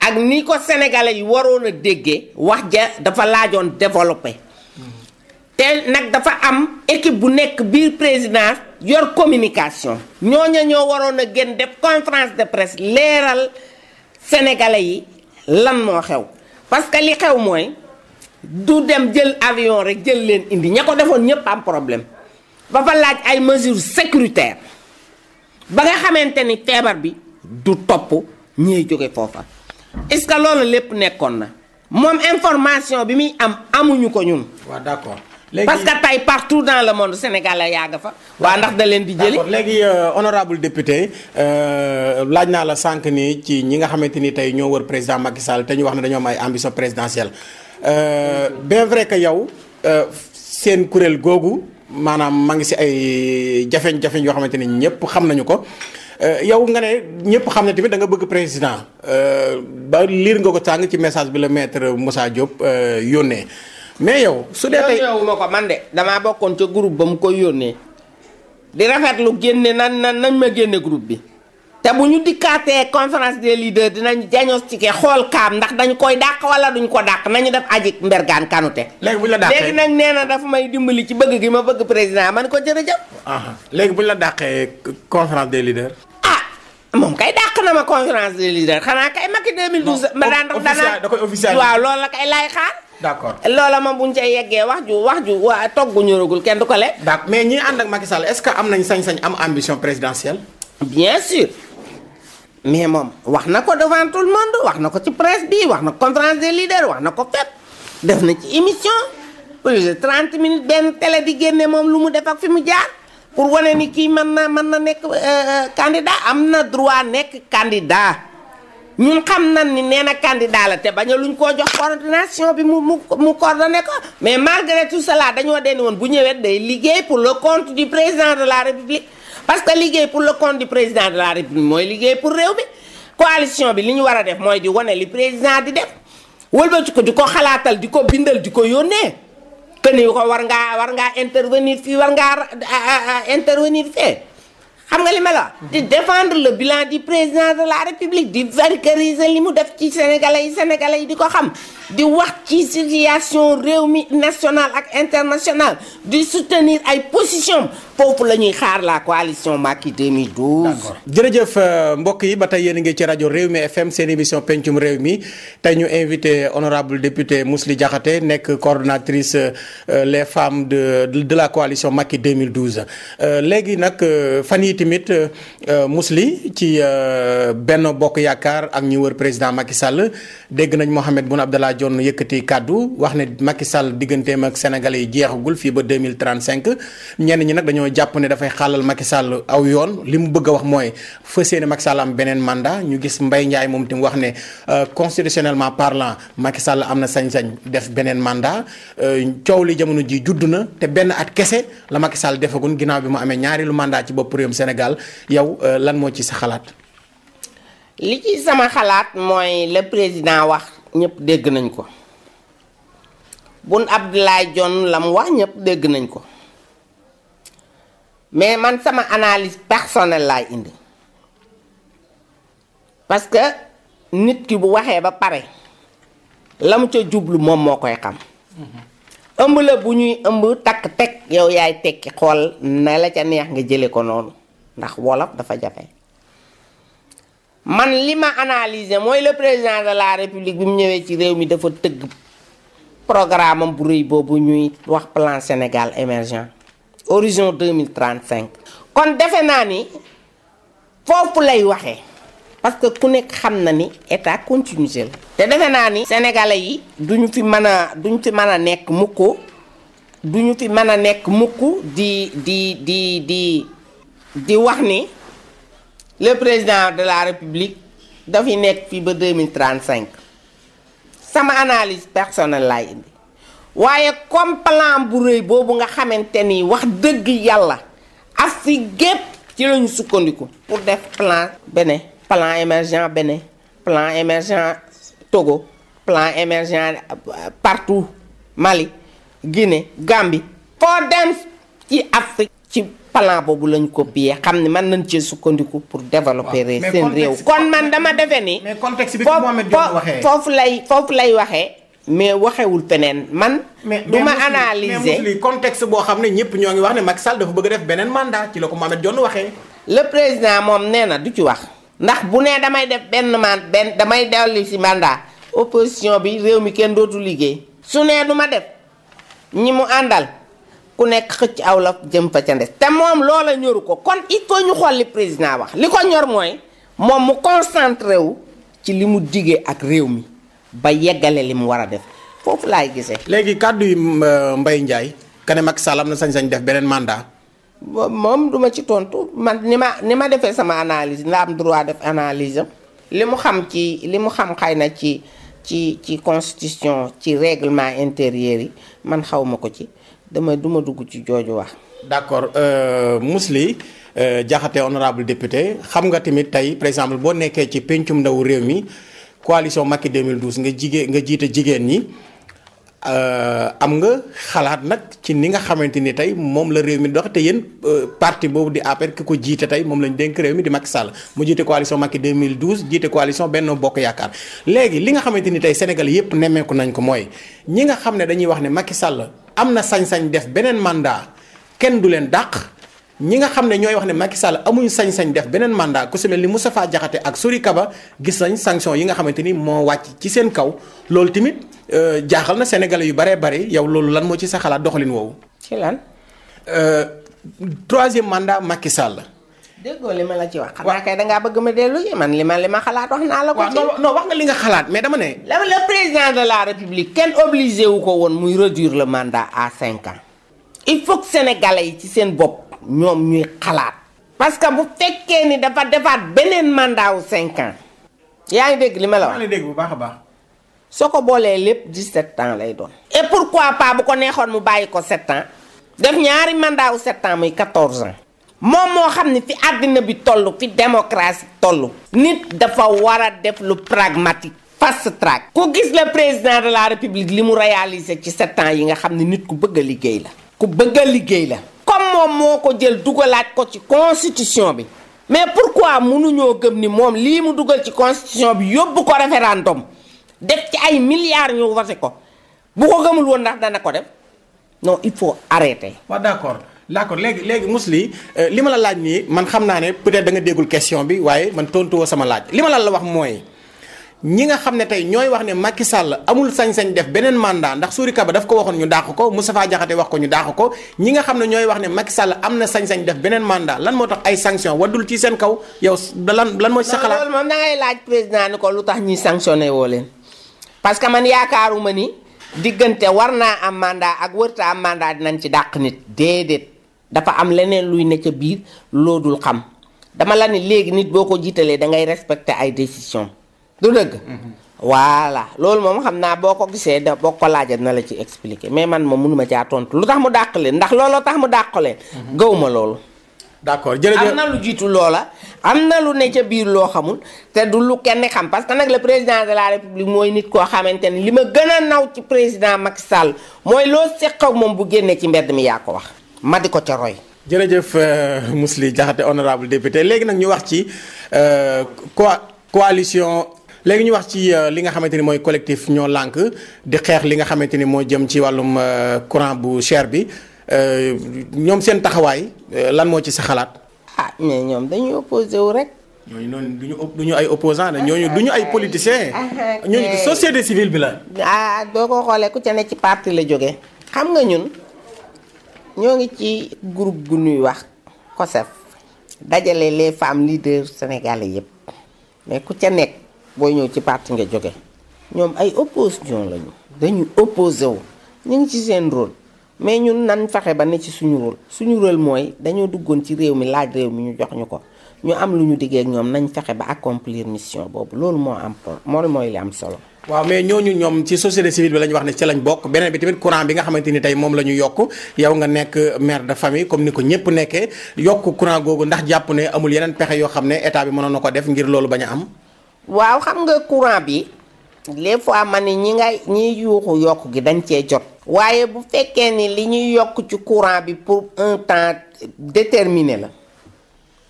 ak ni ko sénégalais yi waroon a déggee wax ja dafa laajoon développé. te nag dafa am équipe bu nekk biir présidence yor communication ñooña ñoo waroon a gën def conférence de presse leeral sénégalais yi lan moo xew parce que li xew mooy du dem jël avion rek jël leen indi ña ko defoon ñépp am problème ba fa laaj ay mesures sécuritaires ba nga xamante ni feebar bi du topp ñiy jóge foofa est-ce que loolu lépp nekkoon na moom information bi muy am amuñu ko ñun. waaw d'accord. parce que tey partout dans le monde Sénégal la yàgg fa. waa ndax da leen di jëli. léegi euh, honorable député euh, laaj naa la sànq ni ci ñi nga xamante ni tey ñoo war président Macky Sall te ñu wax ne dañoo am ay ambition présidentielle euh, bien vrai que yow seen kuréel googu maanaam ma ngi si ay jafeñ-jafeñ yoo xamante ni ñëpp xam nañu ko. yow nga ne ñëpp xam na tamit da nga bëgg président ba liir nga ko tàng ci message bi la maître Moussa Diop yónnee. mais yow su dee tey yow ma ko man de damaa bokkoon ca groupe ba mu koy yónnee di lu génne nan na na ma génne groupe bi. te bu ñu dikkaatee conférence des leaders dinañ diagnostiqué xool kaam ndax dañ koy dàq wala duñ ko dàq nañu def aji mbergaan kanute. léegi bu ñu la dàqee léegi nag nee na dafa may dimbali ci bëgg gi ma bëgg président man ko jërëjëf. léegi bu la dàqee conférence des leaders. ah moom kay dàq na ma conférence des leaders xanaa kay Macky 2012. ma daan dox danaa da koy officiel waaw loolu la kay laay xaar. d'accord loola moom bu ñu cay yeggee wax ju wax ju waa togg ñoragul kenn du ko le d'accord mais ñi ànd ak Macky est-ce que am nañ sañ-sañ am ambition présidentielle. bien sûr mais moom wax na ko devant tout le monde wax na ko ci presse bi wax na ko conférence des leaders wax na ko fépp def na ci émission trente de 30 minutes benn télé di génne moom lu mu def ak fi mu jaar. pour wane ni kii mën na mën na nekk euh, euh, candidat am na droit nekk candidat. ñun xam nan ni nee na candidat la te bañ a luñ koo jox coordination bi mu mu mu coordonné ko mais malgré tout cela dañoo deen woon bu ñëwee day liggéey pour le compte du président de la république parce que liggéey pour le compte du président de la république mooy liggéey pour réew mi coalition bi li ñu war a def mooy di wane li président di def ci ko di ko xalaatal di ko bindal di ko yónnee que ni ko war ngaa war ngaa intervenir fii war ngaa intervenir xam nga li ma la di défendre le bilan du président de la république di vulgariser li mu def ci sénégalais yi sénégalais yi di ko xam di wax ci situation réew mi national ak international di soutenir ay position foofu la ñuy xaar la coalition Macky 2012. d'accord jërëjëf euh, mbokk yi ba tey yéen a ngi ci rajo réew mi FM seen émission pencum réew mi tey ñu invité honorable député Mously Diakhaté nekk coordonnatrice euh, les femmes de de la coalition Macky 2012. Euh, léegi nag fan yi tamit Mously ci benn bokk yaakaar ak ñu wër président Macky Sall dégg nañ Mohamed Boun Abdallah Dione yëkkati kàddu wax ne Macky Sall digganteem ak sénégalais yi jeexagul fii ba 2035 ñenn ñi nag dañoo jàpp ne dafay xàllal Macky aw yoon li mu bëgg a wax mooy fas yéene Macky Sall am beneen mandat ñu gis mbay Ndiaye moom tam wax ne euh, constitutionnellement parlant Macky Sall am na sañ-sañ def beneen mandat euh, coow li jamono ji judd na te benn at kese la Macky Sall defagun ginnaaw bi mu amee ñaari lu mandat ci bopp réewum Sénégal yow euh, lan moo ci sa xalaat. mooy le président wax ñëpp dégg nañ ko bun Boun Abdallah Dionne lam wax ñépp dégg nañ ko mais man sama analyse personnelle laay indi parce que nit ki bu waxee ba pare la mu ca jublu moom moo koy xam ëmb la bu ñuy ëmb takk teg yow yaay tekki xool na la ca neex nga jële ko noonu ndax wolof dafa jafe man li ma analyser mooy le président de la république bi mu ñëwee ci réew mi dafa tëgg programme am bu rëy boobu ñuy wax plan Sénégal émergent horizon 2035 kon defe naa ni foofu lay waxee parce que ku nekk xam na ni état continuité la te defe naa ni sénégalais yi duñu fi mën a duñu fi mën a nekk mukk duñu fi mën a nekk mukk di di di di di wax ni le président de la république dafay nekk fii ba 2035 sama analyse personnelle laay indi waaye comme plan bu rëy boobu nga xamante ni wax dëgg yàlla Afrique gépp ci lañu sukkandiku pour def plan Bénin plan émergent Bénin plan émergent Togo plan émergent euh, partout Mali Guinée Gambie foo dem ci Afrique ci plan boobu lañ ko copier xam ne mën nan cee sukkandiku pour développer seen réew kon man dama defe ni foofu lay foofu lay waxee mais waxewul feneen man du ma analyser mais contexte boo xam ne ñëpp ñoo ngi wax ne mag Sall dafa bëgg def beneen mandat ci la ko Mohamed Dionne waxee le président moom nee na du ci wax ndax bu nee damay def benn man benn damay dellu ci mandat opposition bi réew mi kenn dootu liggéey su nee du def ñi mu àndal ku nekk xëcc aw la jëm fa ca ndes te moom loola ñoru ko kon il faut ñu xolli li président wax li ko ñor mooy moom mu concentré wu ci li mu digee ak réew mi ba yeggale li mu war a def foofu laay gisee. léegi kàddu yi euh, Mbaye Ndiaye kane ak Sall na sañ-sañ def beneen mandat. moom duma ci tontu man ni ma ni ma defee sama analyse la am droit def analyse li mu xam ci li mu xam xay na ci ci ci constitution ci règlement intérieur yi man xaw ma ko ci. dama duma dugg ci jooju wax. d'accord euh, Mously euh, Diakhaté honorable député xam nga tamit tey par exemple boo nekkee ci pencum ndaw réew mi coalition Macky 2012 nga jigéen nga jiite jigéen ñi. Euh, am nga xalaat nag ci ni nga xamante ni tey moom la réew mi dox te yéen parti boobu di APR ki ko jiite tey moom lañ dénk réew mi di Macky Sall mu jiite coalition Macky 2012 jiite coalition Benno Bokk Yaakaar léegi li nga xamante ni tey Sénégal yépp nemmeeku nañ ko mooy ñi nga xam ne dañuy wax ne Macky Sall. am na sañ-sañ def beneen mandat kenn du leen dàq ñi nga xam ne ñooy wax ne Macky Sall amuñu sañ-sañ def beneen mandat ku si mel sa Moustapha Diakhaté ak Sori Kaba gis nañ sanction yi nga xamante ni moo wàcc ci seen kaw loolu tamit euh, jaaxal na sénégalais yu baree bari yow loolu lan moo ci sa xalaat doxalin woowu. ci lan. Euh, troisième mandat Macky Sall. déggoo li ma la ci wax. xanaa kay dangaa bëgg ma dellu ci man li ma li ma xalaat wax naa la ko. ci non wax nga li nga xalaat mais dama ne. la le président de la république kenn obligé wu ko woon muy réduire le mandat à cinq ans. il faut sénégale yi ci seen bopp ñoom ñuy xalaat. parce que bu fekkee ni dafa defaat beneen mandat wu cinq ans. yaa ngi dégg li ma la wax maa dégg bu baax a baax. soo ko boolee lépp 17 ans lay doon. et pourquoi pas bu ko neexoon mu bàyyi ko 7 ans. def ñaari mandat wu 7 ans muy 14 moom moo xam ne fi àddina bi toll fi démocratie toll nit dafa war a def lu pragmatique fast track ku gis le président de la république li mu réalisé ci sept ans yi nga xam ne nit ku bëgg liggéey la ku bëgg a liggéey la comme moom moo ko jël dugalaat ko ci constitution bi mais pourquoi mënuñoo gëm ni moom lii mu dugal ci constitution bi yóbbu ko référendum def ci ay milliards ñu voté ko bu ko gëmul woon ndax dana ko def non il faut arrêter. waaw d'accord. d'accord léegi léegi Mously euh, li ma la laaj nii man xam naa ne peut-être da nga déggul question bi waaye man tontuwoo sama laaj li ma la la wax mooy ñi nga xam ne tey ñooy wax ne Macky Sall amul sañ-sañ def beneen mandat ndax Souri Kaba daf ko waxoon ñu dàq ko Moustapha Diakhaté wax ko ñu dàq ko ñi nga xam ne ñooy wax ne Macky sàll am na sañ-sañ def beneen màndaa lan moo tax ay sanction waddul ci seen kaw yow lan lan moo ci sa xalaat moom da laaj président ni ko lu tax ñuy sanctionné woo leen parce que man yaakaaruma ni diggante war naa am ak wërta am mandat dinañ ci dàq nit déedéet dafa am leneen luy ne ca biir loo dul xam dama la ne léegi nit boo ko jiitalee da ngay respecter ay décision du dëgg mm-hmm. voilà loolu moom xam naa boo ko gisee da boo ko laajee na la ci expliqué mais man moom mënuma caa tontu lu tax mu dàq leen ndax looloo tax mu dàq leen mm-hmm. gaw ma loolu d'accord jërëjëf am na lu jiitu loola am na lu ne ca biir loo xamul te du lu kenn xam parce que nag la président de la république mooy nit koo xamante ni li ma gën a naw ci président Macky Sall mooy loo séq moom bu génnee ci mbedd mi yaa ko wax ma di ko ca roy. jërëjëf euh, Mously Diakhaté honorable député léegi nag ñu wax ci euh, coalition. léegi ñu wax ci euh, li nga xamante ni mooy collectif ñoo lànk di xeex li nga xamante ni moo jëm ci wàllum courant bu cher bi ñoom seen taxawaay lan moo ci sa xalaat. ah mais ñoom dañuy opposé rek. ñooñu noonu du ñu du ñu ay opposant la ñooñu du ñu ay politiciens. Ah, ah, ñooñu société civile bi la. ah doo ko xoolee ku ca ne ci parti la jógee. xam nga ñun ñoo ngi ci groupe gu ñuy wax COSEF dajale les femmes leaders sénégalais yëpp mais ku ca nekk booy ñëw ci parti nga jóge ñoom ay opposition lañu dañu opposé wu ñu ngi ci seen rôle mais ñun nan fexe ba ne ci suñu rôle suñu rôle mooy dañoo duggoon ci réew mi laaj réew mi ñu jox ñu ko ñu am lu ñu diggee ñoom nañ fexe ba accomplir mission boobu loolu moo am moo mooy li am solo. waaw mais ñooñu ñoom ci société civile bi la ñu wax ne ci lañ bokk beneen bi tamit courant bi nga xamante ni tey moom la yokk yow nga nekk mère de famille comme ni ko ñëpp nekkee yokk courant googu ndax jàpp ne amul yeneen pexe yoo xam ne état bi mënoon na ko def ngir loolu a am. waaw xam nga courant bi les fois ma ne ñi ngay yokk gi dañ cee jot. waaye bu fekkee ni li ñuy yokk ci courant bi pour un temps déterminé la.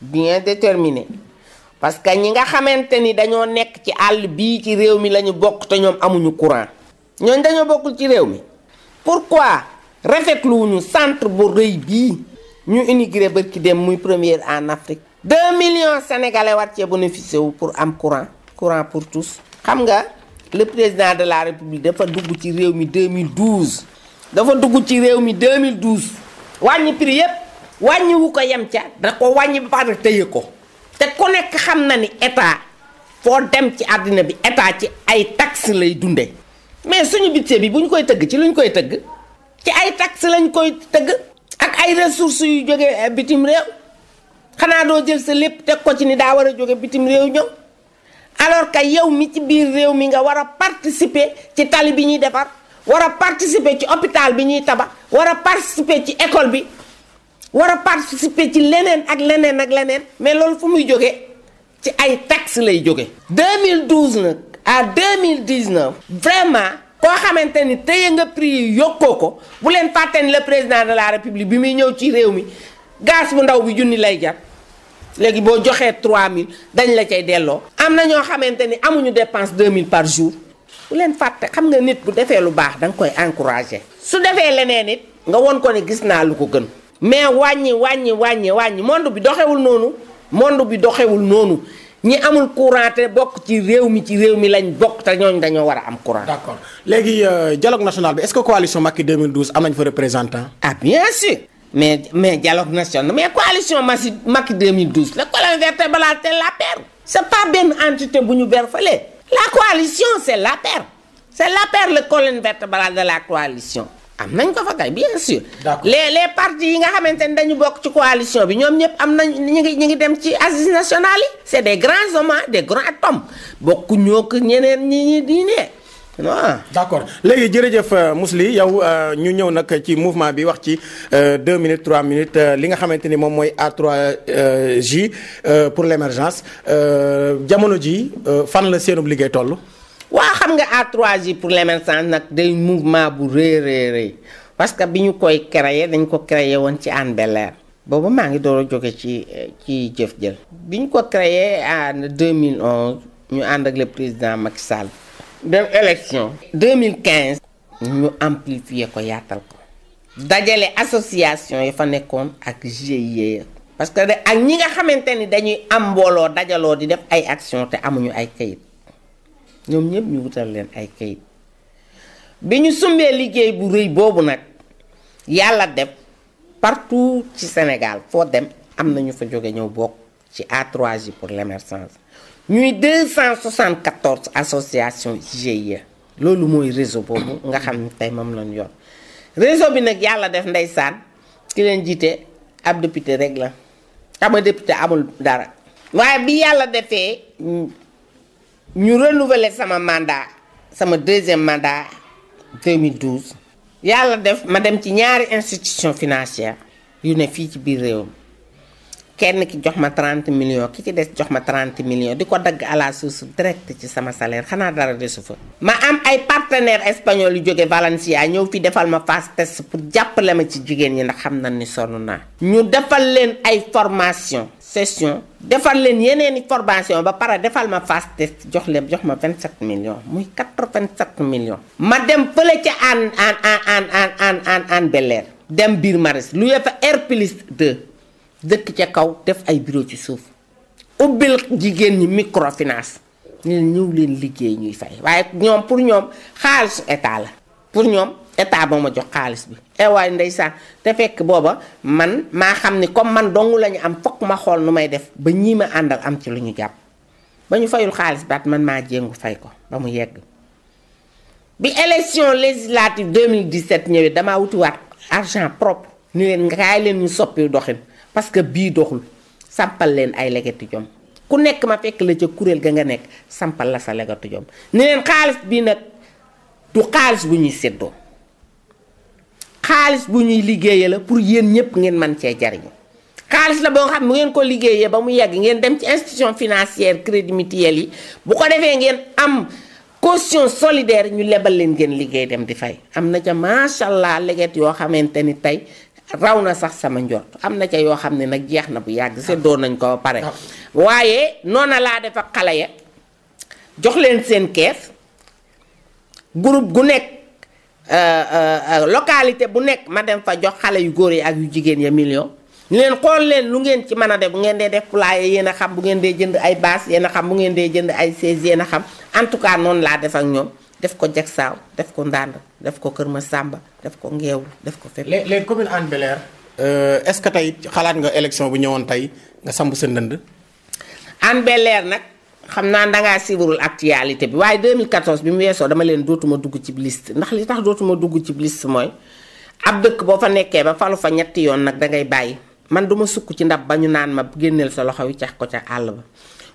bien déterminé parce que ñi nga xamante ni dañoo nekk ci àll bii ci réew mi la ñu bokk te ñoom amuñu courant ñooñ dañoo bokkul ci réew mi pour pourquoi rafetluwuñu centre bu rëy bii ñu inauguré bërki dem muy première en Afrique deux millions sénégalais war cee bénéficié wu pour am courant courant pour tous xam nga le président de la république dafa dugg ci réew mi 2012 dafa dugg ci réew mi 2012 wàññi prix yépp wàññiwu ko yem ca da ko wàññi ba pare tëye ko te ku nekk xam na ni état foo dem ci àddina bi état ci ay taxes lay dunde mais suñu budget bi buñ koy tëgg ci lu koy tëgg ci ay taxes lañ koy tëgg ak ay ressources yu jóge eh, bitim réew xanaa doo jël sa lépp teg ko ci ni daa war a jóge bitim réew ñëw alors que yow mi ci biir réew mi nga war a participer ci tali bi ñuy defar war a participer ci hôpital bi ñuy tabax war a participer ci école bi war a participer ci leneen ak leneen ak leneen mais loolu fu muy jógee ci ay taxes lay jóge mille 2012 nag à 2019 vraiment koo xamante ni téye nga prix yi yokkoo ko bu leen fàtte ni le président de la république bi muy ñëw ci réew mi gaz bu ndaw bi junni lay jar léegi boo joxee mille dañ la cay delloo. am na ñoo xamante ni amuñu deux mille par jour bu leen fàtte xam nga nit bu defee lu baax danga koy encourager su defee leneen it nga won ko ne gis naa lu ko gën. mais wàññi wàññi wàññi wàññi monde bi doxewul noonu monde bi doxewul noonu ñi amul courant te bokk ci réew mi ci réew mi lañ bokk te ñooñ dañoo war a am courant. d'accord léegi euh, dialogue national bi est-ce que coalition mil 2012 am nañ fa représentant. ah bien sûr mais mais dialogue national mais coalition Macky Macky 2012 la colonne vertébrale c'est l'APR. c'est pas benn entité bu ñu berfale la coalition c'est l'APR c'est l'APR la colonne vertébrale de la coalition. am nañ ko fa kay bien sûr. les les partis yi nga xamante ni dañu bokk ci coalition bi ñoom ñëpp am nañ ñu ngi ñu ngi dem ci assises nationales yi. c' est des grands hommes des grands hommes bokku ñoo ko ñeneen ñi ñi diine waaw d' accord léegi jërëjëf euh, Mously yow euh, ñu ñëw nag ci mouvement bi wax ci euh, deux minutes 3 minutes li nga xamante ni moom mooy A3J pour l' émergence jamono ji fan la seenub liggéey toll. waa xam nga A3J pour l'émergence nag day mouvement bu rëy rëy rëy parce que bi ñu koy créer dañ ko créer woon ci Hann bel boobu maa ngi door a jóge ci eh, ci jëf jël bi ñu ko créer en 2011 ñu ànd ak le président Macky Sall dem mille 2015 ñu amplifier ko yaatal ko dajale association yi fa nekkoon ak GIE parce que ak ñi nga xamante ni dañuy am mbooloo dajaloo di def ay action te amuñu ay kayit ñoom ñëpp ñu wutal leen ay kayit bi ñu sumbee liggéey bu rëy boobu nag yàlla def partout ci Sénégal foo dem am na ñu fa jóge ñëw bokk ci A3J pour l'émergence ñuy 274 association GIE loolu mooy réseau boobu nga xam ne tey moom lañ yoon réseau bi nag yàlla def ndeysaan ki leen jiite ab député rek la xam amul dara waaye bi yàlla defee. ñu renouveler sama mandat sama deuxième mandat 2012 yàlla def ma dem ci ñaari institution financière yu ne fii ci biir réew mi kenn ki jox ma 30 million ki ci des jox ma trent millions di ko dagg à la source direct ci sama salaire xanaa dara desu fa. ma am ay partenaires espagnols yu jóge Valencia ñëw fi defal ma phase test pour jàppale ma ci jigéen ñi ndax xam na ni sonn naa. ñu defal leen ay formation session defar leen yeneen i formation ba pare defal ma fas test jox leen jox ma 27 millions muy 87 millions. ma dem fële ca an an an an an an an bel dem biir maris lu ye fa R plus 2 dëkk ca kaw def ay bureau ci suuf ubbil jigéen ñi microfinance ñu ñëw leen liggéey ñuy fay waaye ñoom pour ñoom xaalisu état la pour ñoom. état ba ma jox xaalis bi ewaay eh ndeysaan te fekk booba man maa xam ni comme man dongu lañu am fokk ma xool nu may def ba ñii ma àndal am ci lu ñu jàpp ba ñu fayul xaalis baat man maa jéngu fay ko ba mu yegg bi élection législative 2017 ñëwee damaa wutiwaat argent propre ni leen nga kaay leen ñu soppi doxin parce que bii doxul sampal leen ay legetu jom ku nekk ma fekk la ca kuréel ga nga nekk sampal la sa legetu jom ni leen xaalis bii nag du xaalis bu ñuy séddoo xaalis bu ñuy liggéeyee la pour yéen ñëpp ngeen man cee jariñu xaalis la boo xam bu ngeen ko liggéeyee ba mu yàgg ngeen dem ci institution financière crédit mutuel yi bu ko defee ngeen am costion solidaire ñu lebal leen ngeen liggéey dem di fay am na ca macha allah leget yoo xamante ni tey raw na sax sama njort am na ca yoo xam ne nag jeex na bu yàgg seddoo nañ ko pare ah. waaye noona laa def ak xale ya jox leen seen kees groupe gu nekk Euh, euh, euh, localité bu nekk ma dem fa jox xale yu góor yi ak yu jigéen ya million leen xool leen lu ngeen ci mën a def bu ngeen dee def poulailler yéen a xam bu ngeen dee jënd ay bâche yéen a xam bu ngeen dee jënd ay chaise yéen a xam en tout cas noonu laa def ak ñoom def ko Jaksaaw def ko Ndand def ko Kër ma sàmba def ko Ngeewul def ko fépp. les les communes Hann Bel-Air est-ce que tey xalaat nga élection bu ñëwoon tey nga samp sa ndënd. Hann bel nag. xam naa dangaa siiwarul actualité bi waaye 2014 bi mu weesoo dama leen dootuma dugg ci liste ndax li tax dootuma dugg ci liste mooy ab dëkk boo fa nekkee ba falu fa ñetti yoon nag dangay bàyyi man duma sukk ci ndab ba ñu naan ma génneel sa loxo yi cax ko ca àll ba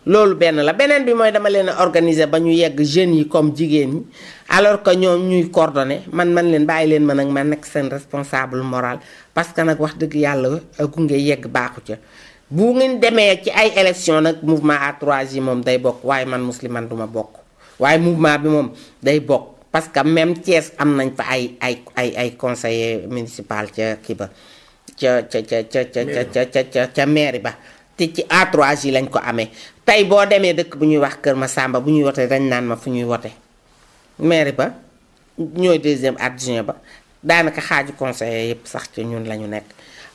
loolu benn la beneen bi mooy dama leen a organiser ba ñu yegg jeunes yi comme jigéen ñi alors que ñoom ñuy coordonné man man leen bàyyi leen mën nag ma nekk seen responsable moral parce que nag wax dëgg yàlla gunge yegg baaxu ca bu ngeen demee ci ay élection nag mouvement a 3 moom day bokk waaye man musliman duma bokk waaye mouvement bi moom day bokk parce que même Thiès am nañ fa ay ay ay ay conseiller municipal ca kii ba ca ca ca ca ca ca ca ca mairie ba te ci a 3 lañ ko amee tey boo demee dëkk bu ñuy wax Kër ma sàmba bu ñuy wote dañ naan ma fu ñuy wote mairie ba ñooy deuxième adjoint ba daanaka xaaju conseiller yëpp sax ci ñun la ñu nekk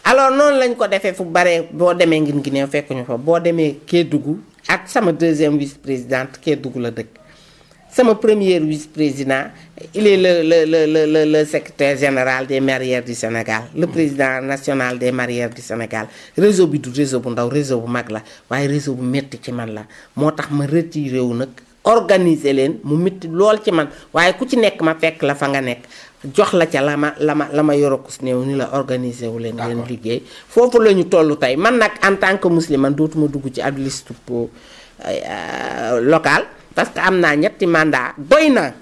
alors noonu lañ ko defee fu baree boo demee ngin Guinée fekk ñu fa boo demee Kédougou ak sama deuxième vice présidente Kédougou la dëkk sama premier vice président il est le le le le le secrétaire général des marière du Sénégal le mm. président national des mairies du Sénégal réseau bi du réseau bu ndaw réseau bu mag la waaye réseau bu métti ci man la moo tax ma retiré wu nag organiser leen mu métti lool ci man waaye ku ci nekk ma fekk la fa nga nekk jox la ca la ma la ma la ma yorokus néew ni la organiser wu leen ngeen liggéey foofu la ñu toll tey man nag en tant que musulman dootuma dugg ci ab liste euh, euh, locale parce que am naa ñetti mandat boy na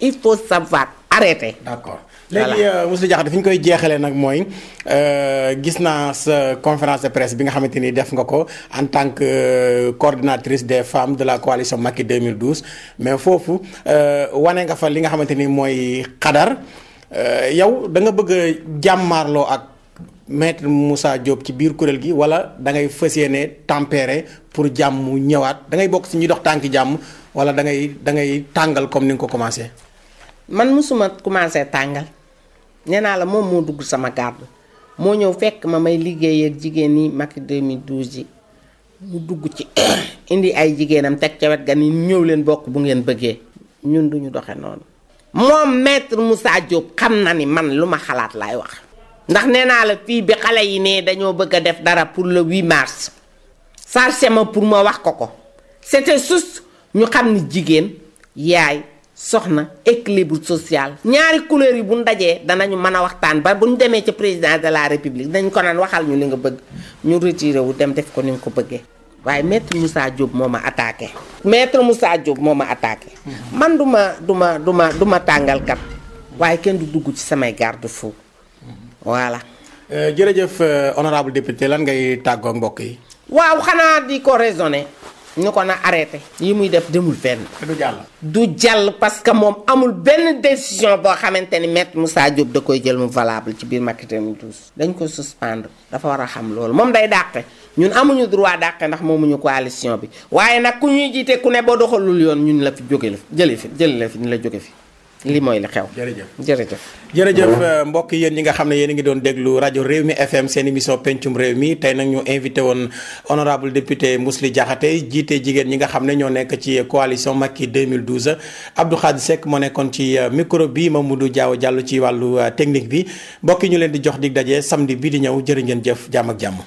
il faut savoir arrêter d'accord léegi euh, monsieur Diakhaté fi ñu koy jeexalee nag mooy euh, gis naa sa conférence de presse bi nga xamante ni def nga ko en tant que euh, coordinatrice des femmes de la coalition Macky 2012 mais foofu wane nga fa li nga xamante ni mooy xadar yow da nga bëgg a jàmmaarloo ak maître Moussa Diop ci biir kuréel gi wala da ngay fas yéene tempérer pour jàmm ñëwaat dangay bokk si ñuy dox tànki jàmm wala da ngay da ngay tàngal comme ni nga ko commencé. man mosuma commencé tàngal. nee naa la moom moo dugg sama garde moo ñëw fekk ma may liggéey ak jigéen ñi Macky 2012 ji mu dugg ci indi ay jigéenam teg ca ga ni ñëw leen bokk bu ngeen bëggee ñun duñu doxe noonu moom maître Moussa Diop xam na ni man lu ma xalaat laay wax ndax nee naa la fii bi xale yi ne dañoo bëgg a def dara pour le 8 mars sarse ma pour ma wax ko ko c'était juste ñu xam ni jigéen yaay soxna équilibre social ñaari couleur yi bu ñu dajee danañu mën a waxtaan ba bu ñu demee ca président de la république dañ ko naan waxal ñu ni nga bëgg ñu retiré wu dem def ko ni nga ko bëggee waaye maître Moussa Diop moo ma attaqué. maître Moussa Diop moo ma attaqué. man du ma du ma du ma du ma tàngal kat waaye kenn du dugg ci samay garde fou voilà. Euh, jërëjëf euh, honorable député lan ngay tàggoo mbokk yi. waaw xanaa di ko raisonné. ñu ko na arrêté. yi muy def demul fenn. du jàll. du jàll parce que moom amul benn décision boo xamante ni maître Moussa Diop da koy jël mu valable ci biir Macky 2012. dañ ko suspendre dafa war a xam loolu moom day dàqe ñun amuñu droit dàqe ndax moomuñu coalition bi waaye nag ku ñuy jiite ku ne boo doxalul yoon ñun la fi jóge la jëlee fi jëlee la fi ñu la jóge fi. li mooy li xew jërëjëf jërëjëf jërëjëf euh, mbokk yéen ñi nga xam ne yéen a ngi doon déglu rajo réew mi fm seen émission pencum réew mi tey nag ñu invité woon honorable député Mously Diakhaté jiite jigéen ñi nga xam ne ñoo nekk ci coalition Macky 2012 Abdou Khadre Seck moo nekkoon ci euh, micro bi Mamadou jaaw jàll ci wàllu euh, technique bi mbokk ñu leen di jox di daje samedi bii di ñëw jërë ngeen jëf jàmm ak jàmm